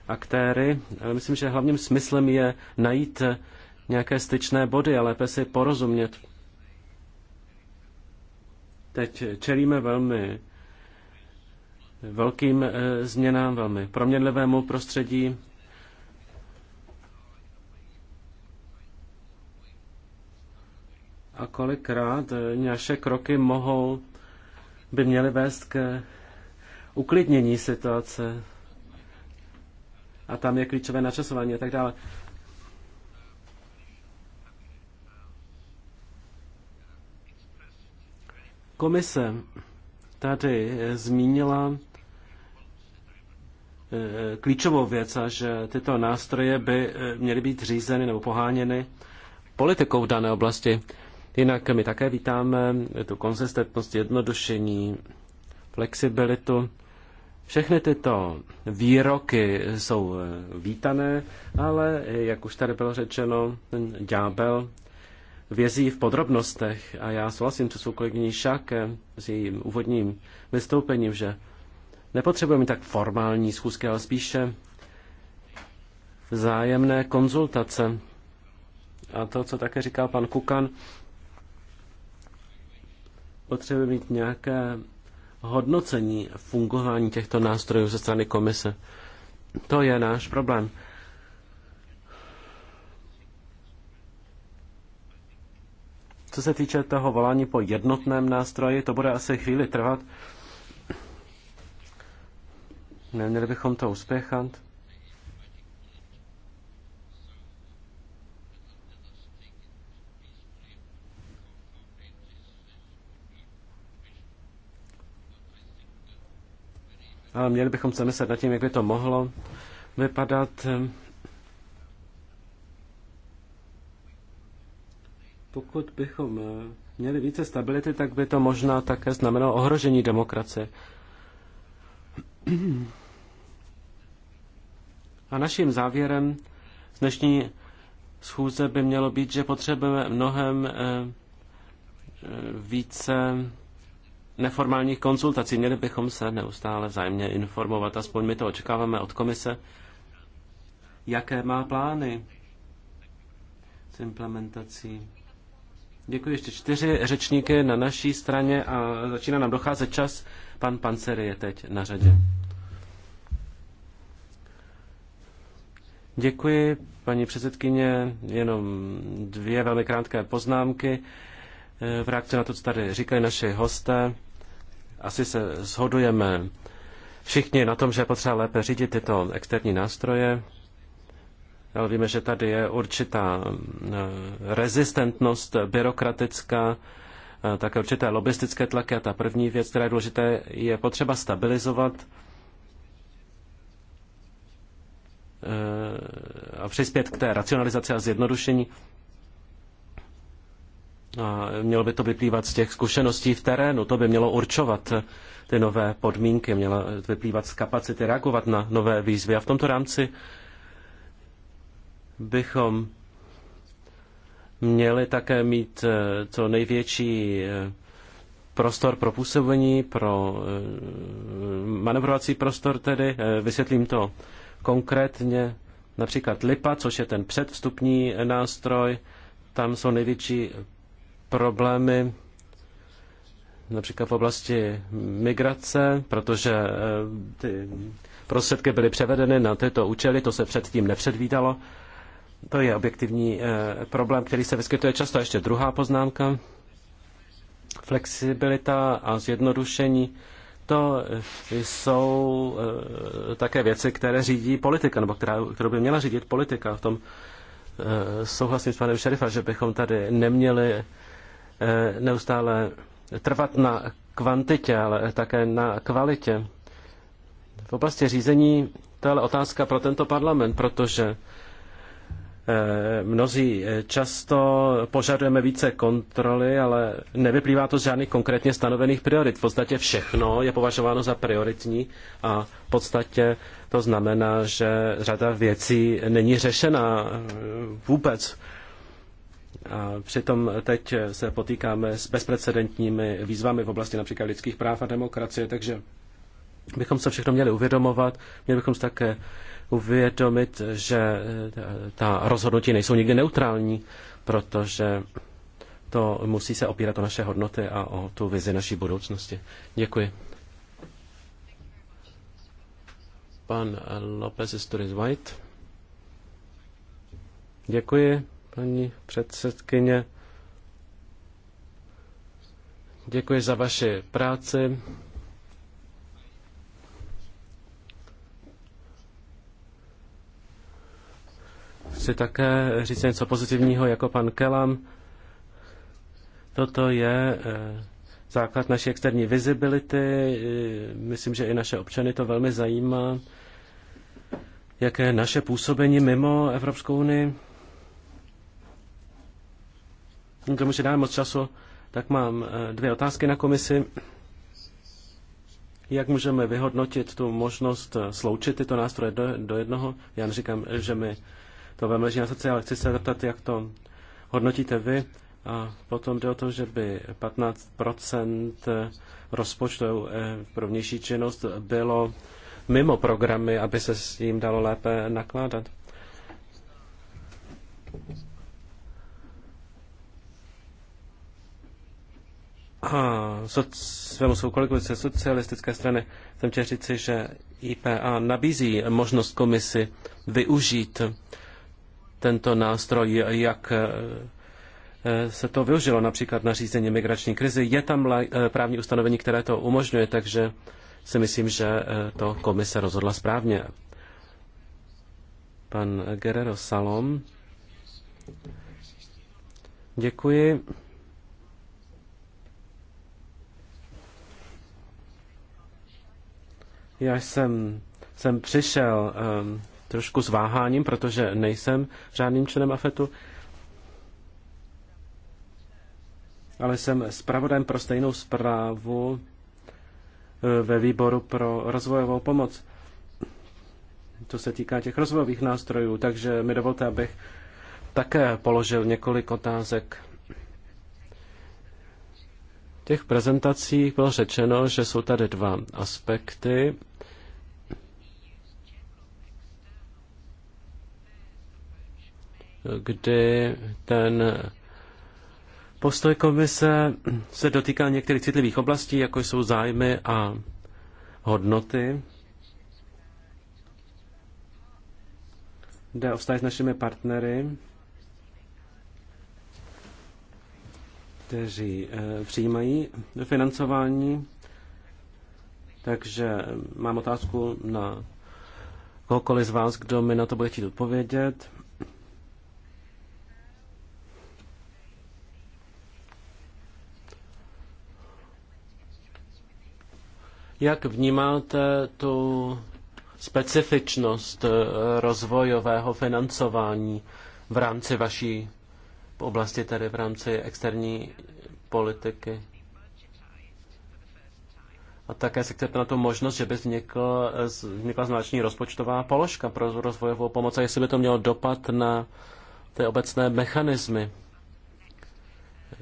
aktéry, myslím, že hlavním smyslem je najít nějaké styčné body a lépe si porozumět. Teď čelíme velmi velkým eh, změnám, velmi proměnlivému prostředí. A kolikrát eh, naše kroky mohou, by měly vést k uklidnění situace. A tam je klíčové načasování a tak dále. Komise tady eh, zmínila eh, klíčovou věc a že tyto nástroje by eh, měly být řízeny nebo poháněny politikou v dané oblasti. Jinak my také vítáme tu konzistentnost, jednodušení, flexibilitu. Všechny tyto výroky jsou vítané, ale, jak už tady bylo řečeno, ten ďábel vězí v podrobnostech a já souhlasím se svou kolegyní Šákem s jejím úvodním vystoupením, že nepotřebujeme tak formální schůzky, ale spíše vzájemné konzultace. A to, co také říkal pan Kukan, potřebujeme mít nějaké hodnocení fungování těchto nástrojů ze strany komise. To je náš problém. Co se týče toho volání po jednotném nástroji, to bude asi chvíli trvat. Neměli bychom to uspěchat. Ale měli bychom se myslet nad tím, jak by to mohlo vypadat. pokud bychom eh, měli více stability, tak by to možná také znamenalo ohrožení demokracie. A naším závěrem z dnešní schůze by mělo být, že potřebujeme mnohem eh, eh, více neformálních konzultací. Měli bychom se neustále vzájemně informovat, aspoň my to očekáváme od komise, jaké má plány s implementací Děkuji ještě čtyři řečníky na naší straně a začíná nám docházet čas. Pan Pancer je teď na řadě. Děkuji, paní předsedkyně. Jenom dvě velmi krátké poznámky v reakci na to, co tady říkají naši hosté. Asi se shodujeme všichni na tom, že je potřeba lépe řídit tyto externí nástroje ale víme, že tady je určitá eh, rezistentnost byrokratická, eh, také určité lobistické tlaky. A ta první věc, která je důležitá, je potřeba stabilizovat eh, a přispět k té racionalizaci a zjednodušení. A mělo by to vyplývat z těch zkušeností v terénu, to by mělo určovat ty nové podmínky, mělo vyplývat z kapacity reagovat na nové výzvy. A v tomto rámci bychom měli také mít eh, co největší eh, prostor pro působení, pro eh, manevrovací prostor tedy. Vysvětlím to konkrétně. Například LIPA, což je ten předvstupní nástroj, tam jsou největší problémy například v oblasti migrace, protože ty prostředky byly převedeny na tyto účely, to se předtím nepředvídalo. To je objektivní eh, problém, který se vyskytuje často. A ještě druhá poznámka. Flexibilita a zjednodušení to jsou eh, také věci, které řídí politika, nebo která, kterou by měla řídit politika. V tom eh, souhlasím s panem Šerifa, že bychom tady neměli neustále trvat na kvantitě, ale také na kvalitě. V oblasti řízení to je ale otázka pro tento parlament, protože Eh, mnozí eh, často požadujeme více kontroly, ale nevyplývá to z žádných konkrétně stanovených priorit. V podstatě všechno je považováno za prioritní a v podstatě to znamená, že řada věcí není řešena eh, vůbec. A přitom teď se potýkáme s bezprecedentními výzvami v oblasti například lidských práv a demokracie, takže bychom se všechno měli uvědomovat, měli bychom se také uvědomit, že eh, ta rozhodnutí nejsou nikdy neutrální, protože to musí se opírat o naše hodnoty a o tu vizi naší budoucnosti. Děkuji. Pan López Isturiz White. Děkuji, paní předsedkyně. Děkuji za vaši práci. chci také říct něco pozitivního jako pan Kelam. Toto je eh, základ naší externí visibility. Eh, myslím, že i naše občany to velmi zajímá, jaké je naše působení mimo Evropskou unii. Tomu, že dáme moc času, tak mám eh, dvě otázky na komisi. Jak můžeme vyhodnotit tu možnost sloučit tyto nástroje do, do jednoho? Já říkám, že my to vám leží na srdci, ale chci se zeptat, jak to hodnotíte vy. A potom jde o to, že by 15 rozpočtu pro vnější činnost bylo mimo programy, aby se s tím dalo lépe nakládat. A svému soukolegu ze socialistické strany jsem chtěl říci, že IPA nabízí možnost komisi využít tento nástroj, jak eh, eh, se to využilo například na řízení migrační krizi. Je tam eh, právní ustanovení, které to umožňuje, takže si myslím, že to komise rozhodla správně. Pan Guerrero Salom. Děkuji. Já jsem, jsem přišel um, trošku zváháním, protože nejsem žádným členem AFETu, ale jsem zpravodajem pro stejnou zprávu eh, ve výboru pro rozvojovou pomoc. To se týká těch rozvojových nástrojů, takže mi dovolte, abych také položil několik otázek. V těch prezentacích bylo řečeno, že jsou tady dva aspekty kdy ten postoj komise se dotýká některých citlivých oblastí, jako jsou zájmy a hodnoty. Jde o vztah s našimi partnery, kteří eh, přijímají financování. Takže mám otázku na kohokoliv z vás, kdo mi na to bude chtít odpovědět. Jak vnímáte tu specifičnost eh, rozvojového financování v rámci vaší v oblasti, tedy v rámci externí politiky? A také se chcete na to možnost, že by vznikl, eh, vznikla znační rozpočtová položka pro rozvojovou pomoc a jestli by to mělo dopad na ty obecné mechanismy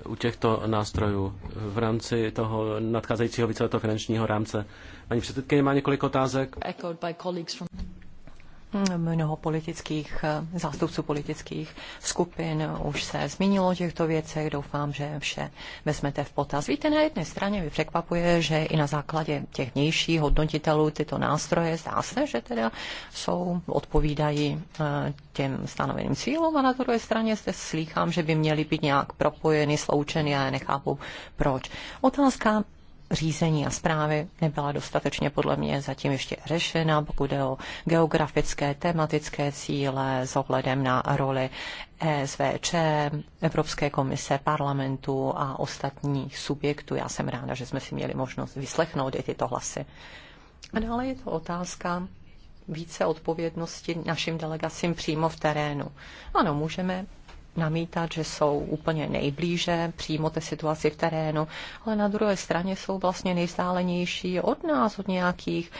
u těchto nástrojů v rámci toho nadcházejícího víceletého finančního rámce. Paní předsedkyně má několik otázek. Mnoho politických eh, zástupců politických skupin už se zmínilo o těchto věcech. Doufám, že vše vezmete v potaz. Víte, na jedné straně mi překvapuje, že i na základě těch vnějších hodnotitelů tyto nástroje zdá se, že teda jsou, odpovídají eh, těm stanoveným cílům a na druhé straně zde slýchám, že by měly být nějak propojeny, sloučeny a já nechápu proč. Otázka řízení a zprávy nebyla dostatečně podle mě zatím ještě řešena, pokud je o geografické, tematické cíle s ohledem na roli ESVČ, Evropské komise, parlamentu a ostatních subjektů. Já jsem ráda, že jsme si měli možnost vyslechnout i tyto hlasy. A dále je to otázka více odpovědnosti našim delegacím přímo v terénu. Ano, můžeme namítat, že jsou úplně nejblíže přímo té situaci v terénu, ale na druhé straně jsou vlastně nejvzdálenější od nás, od nějakých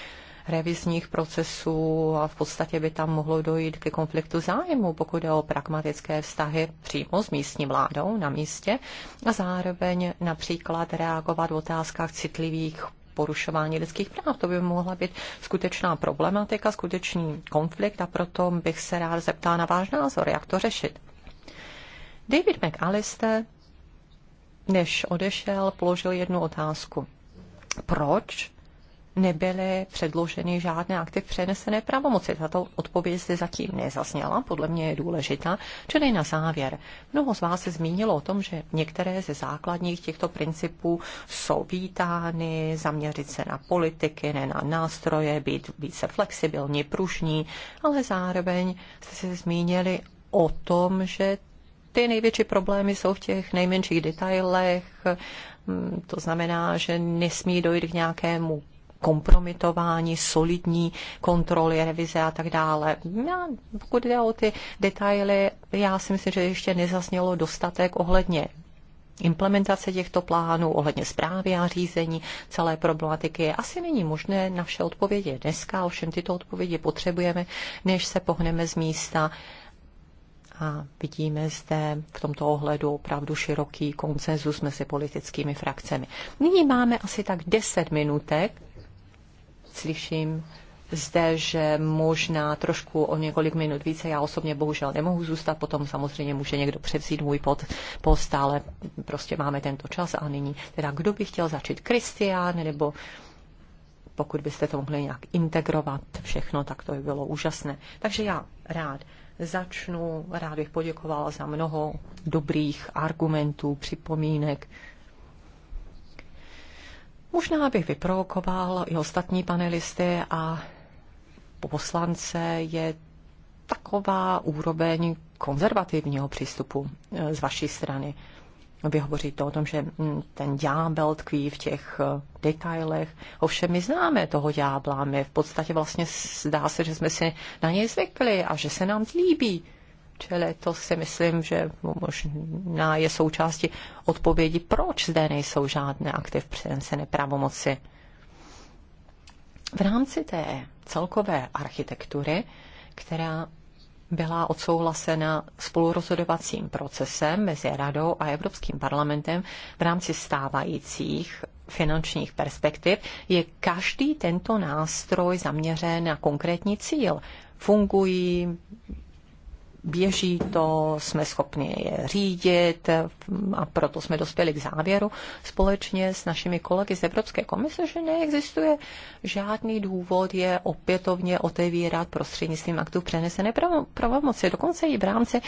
revizních procesů a v podstatě by tam mohlo dojít ke konfliktu zájmu, pokud je o pragmatické vztahy přímo s místní vládou na místě a zároveň například reagovat v otázkách citlivých porušování lidských práv. To by mohla být skutečná problematika, skutečný konflikt a proto bych se rád zeptala na váš názor, jak to řešit. David McAllister, než odešel, položil jednu otázku. Proč nebyly předloženy žádné akty přenesené pravomoci. Tato odpověď se zatím nezasněla, podle mě je důležitá. Čili na závěr, mnoho z vás se zmínilo o tom, že některé ze základních těchto principů jsou vítány, zaměřit se na politiky, ne na nástroje, být více flexibilní, pružní, ale zároveň jste se zmínili o tom, že ty největší problémy jsou v těch nejmenších detailech, mm, to znamená, že nesmí dojít k nějakému kompromitování, solidní kontroly, revize a tak dále. Já, pokud jde o ty detaily, já si myslím, že ještě nezasnělo dostatek ohledně implementace těchto plánů, ohledně zprávy a řízení celé problematiky. Asi není možné na vše odpovědět dneska, ovšem tyto odpovědi potřebujeme, než se pohneme z místa a vidíme zde v tomto ohledu opravdu široký koncenzus mezi politickými frakcemi. Nyní máme asi tak 10 minutek. Slyším zde, že možná trošku o několik minut více, já osobně bohužel nemohu zůstat, potom samozřejmě může někdo převzít můj pod, post, ale prostě máme tento čas a nyní teda kdo by chtěl začít, Kristián nebo pokud byste to mohli nějak integrovat všechno, tak to by bylo úžasné. Takže já rád začnu. Rád bych poděkovala za mnoho dobrých argumentů, připomínek. Možná bych vyprovokoval i ostatní panelisty a poslance je taková úroveň konzervativního přístupu eh, z vaší strany. Vy hovoříte o tom, že mm, ten ďábel tkví v těch eh, detailech. Ovšem my známe toho ďábla, my v podstatě vlastně zdá se, že jsme si na něj zvykli a že se nám líbí. Čili to si myslím, že možná je součástí odpovědi, proč zde nejsou žádné aktiv přenesené pravomoci. V rámci té celkové architektury, která byla odsouhlasena spolurozhodovacím procesem mezi Radou a Evropským parlamentem v rámci stávajících finančních perspektiv, je každý tento nástroj zaměřen na konkrétní cíl. Fungují běží to, jsme schopni je řídit a proto jsme dospěli k závěru společně s našimi kolegy z Evropské komise, že neexistuje žádný důvod je opětovně otevírat prostřednictvím aktu přenesené pravomoci, dokonce i v rámci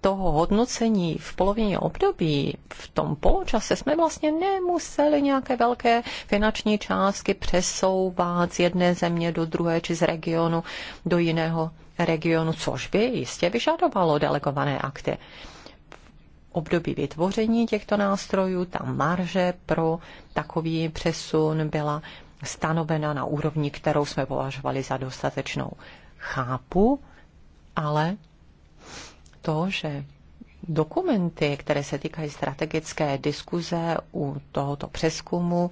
toho hodnocení v polovině období, v tom poločase, jsme vlastně nemuseli nějaké velké finanční částky přesouvat z jedné země do druhé či z regionu do jiného regionu, což by jistě vyžadovalo delegované akty. V období vytvoření těchto nástrojů ta marže pro takový přesun byla stanovena na úrovni, kterou jsme považovali za dostatečnou. Chápu, ale to, že dokumenty, které se týkají strategické diskuze u tohoto přeskumu,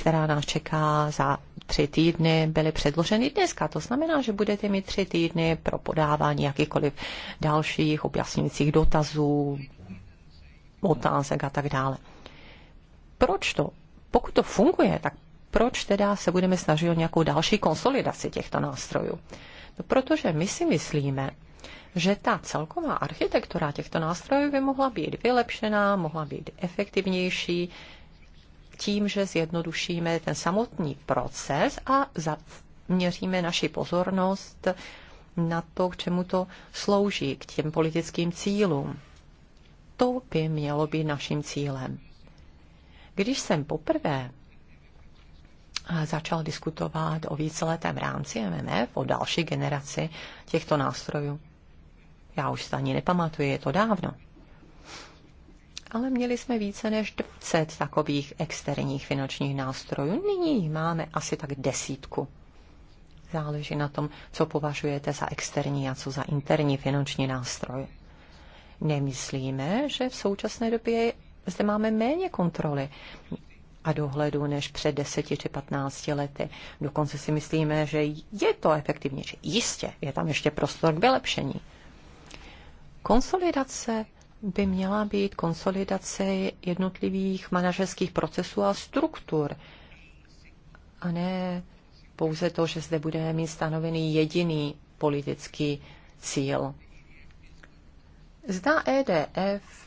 která nás čeká za tři týdny, byly předloženy dneska. To znamená, že budete mít tři týdny pro podávání jakýchkoliv dalších objasňujících dotazů, otázek a tak dále. Proč to? Pokud to funguje, tak proč teda se budeme snažit o nějakou další konsolidaci těchto nástrojů? No, protože my si myslíme, že ta celková architektura těchto nástrojů by mohla být vylepšená, mohla být efektivnější, tím, že zjednodušíme ten samotný proces a zaměříme naši pozornost na to, k čemu to slouží, k těm politickým cílům. To by mělo být naším cílem. Když jsem poprvé začal diskutovat o víceletém rámci MMF, o další generaci těchto nástrojů, já už se ani nepamatuji, je to dávno, ale měli jsme více než 20 takových externích finančních nástrojů. Nyní jich máme asi tak desítku. Záleží na tom, co považujete za externí a co za interní finanční nástroj. Nemyslíme, že v současné době zde máme méně kontroly a dohledu než před 10 či 15 lety. Dokonce si myslíme, že je to efektivnější. Jistě, je tam ještě prostor k vylepšení. Konsolidace by měla být konsolidace jednotlivých manažerských procesů a struktur, a ne pouze to, že zde bude mít stanovený jediný politický cíl. Zda EDF,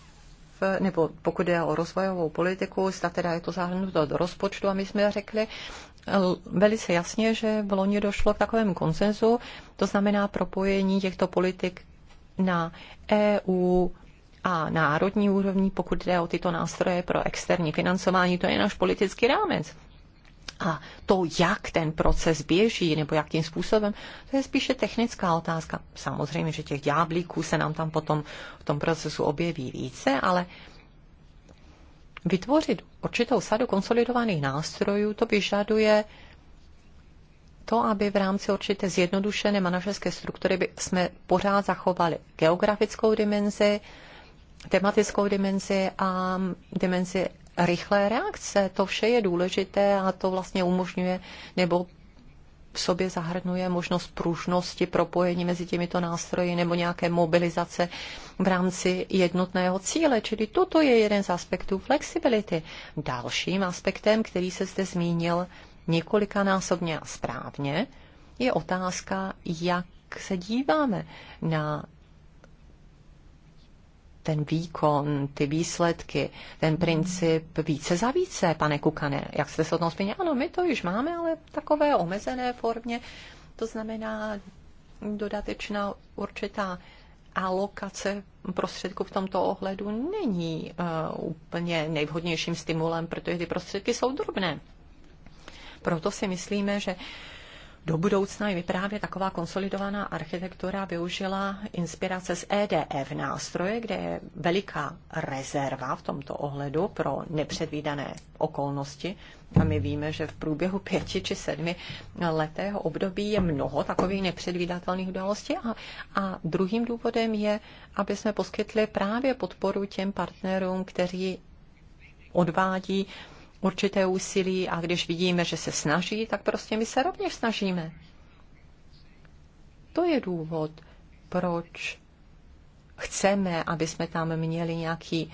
nebo pokud jde o rozvojovou politiku, zda teda je to zahrnuto do rozpočtu a my jsme řekli eh, velice jasně, že v loni došlo k takovému konsenzu, to znamená propojení těchto politik na EU a národní úrovní, pokud jde o tyto nástroje pro externí financování, to je náš politický rámec. A to, jak ten proces běží nebo jakým způsobem, to je spíše technická otázka. Samozřejmě, že těch dňáblíků se nám tam potom v tom procesu objeví více, ale vytvořit určitou sadu konsolidovaných nástrojů, to vyžaduje to, aby v rámci určité zjednodušené manažerské struktury jsme pořád zachovali geografickou dimenzi, tematickou dimenzi a dimenzi rychlé reakce. To vše je důležité a to vlastně umožňuje nebo v sobě zahrnuje možnost pružnosti, propojení mezi těmito nástroji nebo nějaké mobilizace v rámci jednotného cíle. Čili toto je jeden z aspektů flexibility. Dalším aspektem, který se zde zmínil několikanásobně a správně, je otázka, jak se díváme na ten výkon, ty výsledky, ten princip více za více, pane Kukane, jak jste se o tom zmínil? Ano, my to již máme, ale v takové omezené formě, to znamená dodatečná určitá alokace prostředků v tomto ohledu není uh, úplně nejvhodnějším stimulem, protože ty prostředky jsou drobné. Proto si myslíme, že do budoucna i právě taková konsolidovaná architektura využila inspirace z EDF nástroje, kde je veliká rezerva v tomto ohledu pro nepředvídané okolnosti. A my víme, že v průběhu pěti či sedmi letého období je mnoho takových nepředvídatelných událostí. A, a druhým důvodem je, aby jsme poskytli právě podporu těm partnerům, kteří odvádí určité úsilí a když vidíme, že se snaží, tak prostě my se rovněž snažíme. To je důvod, proč chceme, aby jsme tam měli nějaký,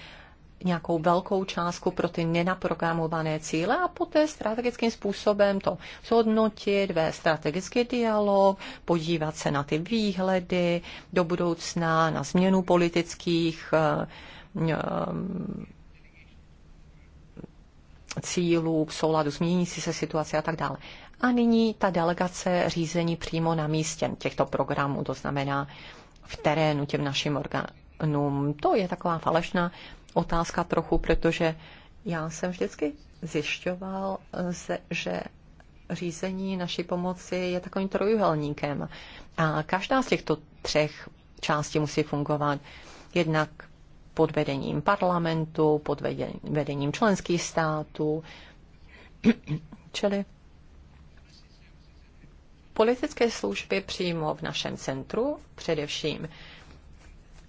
nějakou velkou částku pro ty nenaprogramované cíle a poté strategickým způsobem to zhodnotit, ve strategický dialog, podívat se na ty výhledy do budoucna, na změnu politických eh, eh, cílů, v souladu s měnící se situace a tak dále. A nyní ta delegace řízení přímo na místě těchto programů, to znamená v terénu těm našim orgánům. To je taková falešná otázka trochu, protože já jsem vždycky zjišťoval, že řízení naší pomoci je takovým trojuhelníkem. A každá z těchto třech částí musí fungovat. Jednak pod vedením parlamentu, pod vedením členských států. [clears throat] Čili politické služby přímo v našem centru, především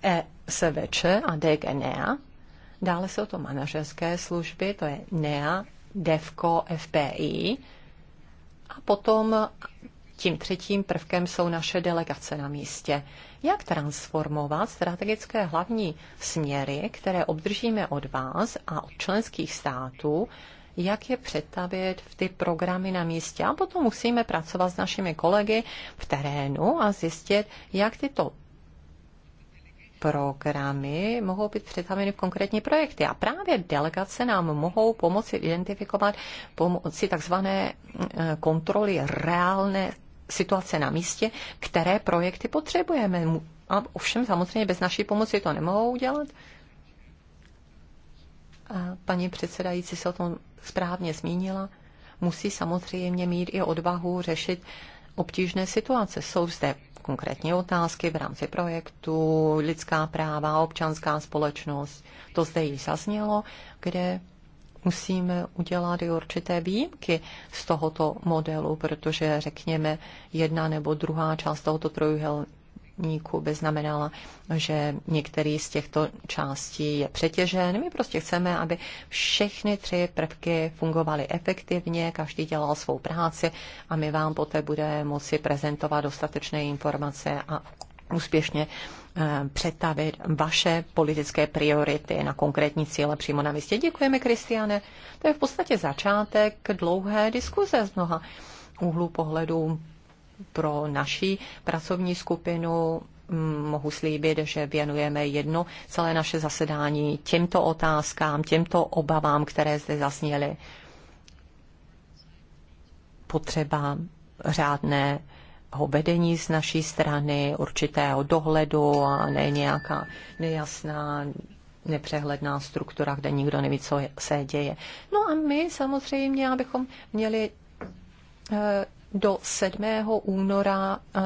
ESVČ a DGNEA, dále jsou to manažerské služby, to je NEA, DEVCO, FPI, a potom tím třetím prvkem jsou naše delegace na místě. Jak transformovat strategické hlavní směry, které obdržíme od vás a od členských států, jak je přetavit v ty programy na místě. A potom musíme pracovat s našimi kolegy v terénu a zjistit, jak tyto programy mohou být přetaveny v konkrétní projekty. A právě delegace nám mohou pomoci identifikovat pomocí takzvané eh, kontroly reálné situace na místě, které projekty potřebujeme. A ovšem samozřejmě bez naší pomoci to nemohou udělat. A paní předsedající se o tom správně zmínila. Musí samozřejmě mít i odvahu řešit obtížné situace. Jsou zde konkrétní otázky v rámci projektu, lidská práva, občanská společnost. To zde již zaznělo, kde musíme udělat i určité výjimky z tohoto modelu, protože řekněme jedna nebo druhá část tohoto trojuhelníku by znamenala, že některý z těchto částí je přetěžen. My prostě chceme, aby všechny tři prvky fungovaly efektivně, každý dělal svou práci a my vám poté budeme moci prezentovat dostatečné informace a úspěšně Eh, přetavit vaše politické priority na konkrétní cíle přímo na místě. Děkujeme, Kristiane. To je v podstatě začátek dlouhé diskuze z mnoha úhlu pohledu pro naší pracovní skupinu mm, mohu slíbit, že věnujeme jedno celé naše zasedání těmto otázkám, těmto obavám, které zde zasněly. Potřeba řádné vedení z naší strany, určitého dohledu a ne nějaká nejasná nepřehledná struktura, kde nikdo neví, co se děje. No a my samozřejmě, abychom měli eh, do 7. února eh,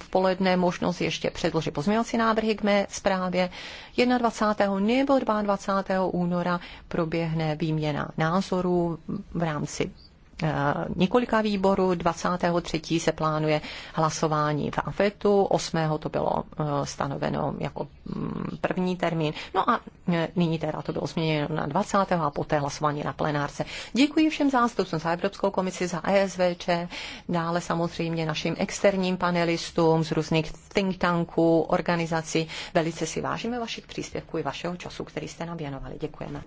v poledne možnost ještě předložit pozměňovací návrhy k mé zprávě. 21. nebo 22. února proběhne výměna názorů v rámci Eh, několika výborů. 23. se plánuje hlasování v AFETu, 8. to bylo eh, stanoveno jako mm, první termín. No a eh, nyní teda to bylo změněno na 20. a poté hlasování na plenárce. Děkuji všem zástupcům za Evropskou komisi, za ESVČ, dále samozřejmě našim externím panelistům z různých think tanků, organizací. Velice si vážíme vašich příspěvků i vašeho času, který jste nám věnovali. Děkujeme.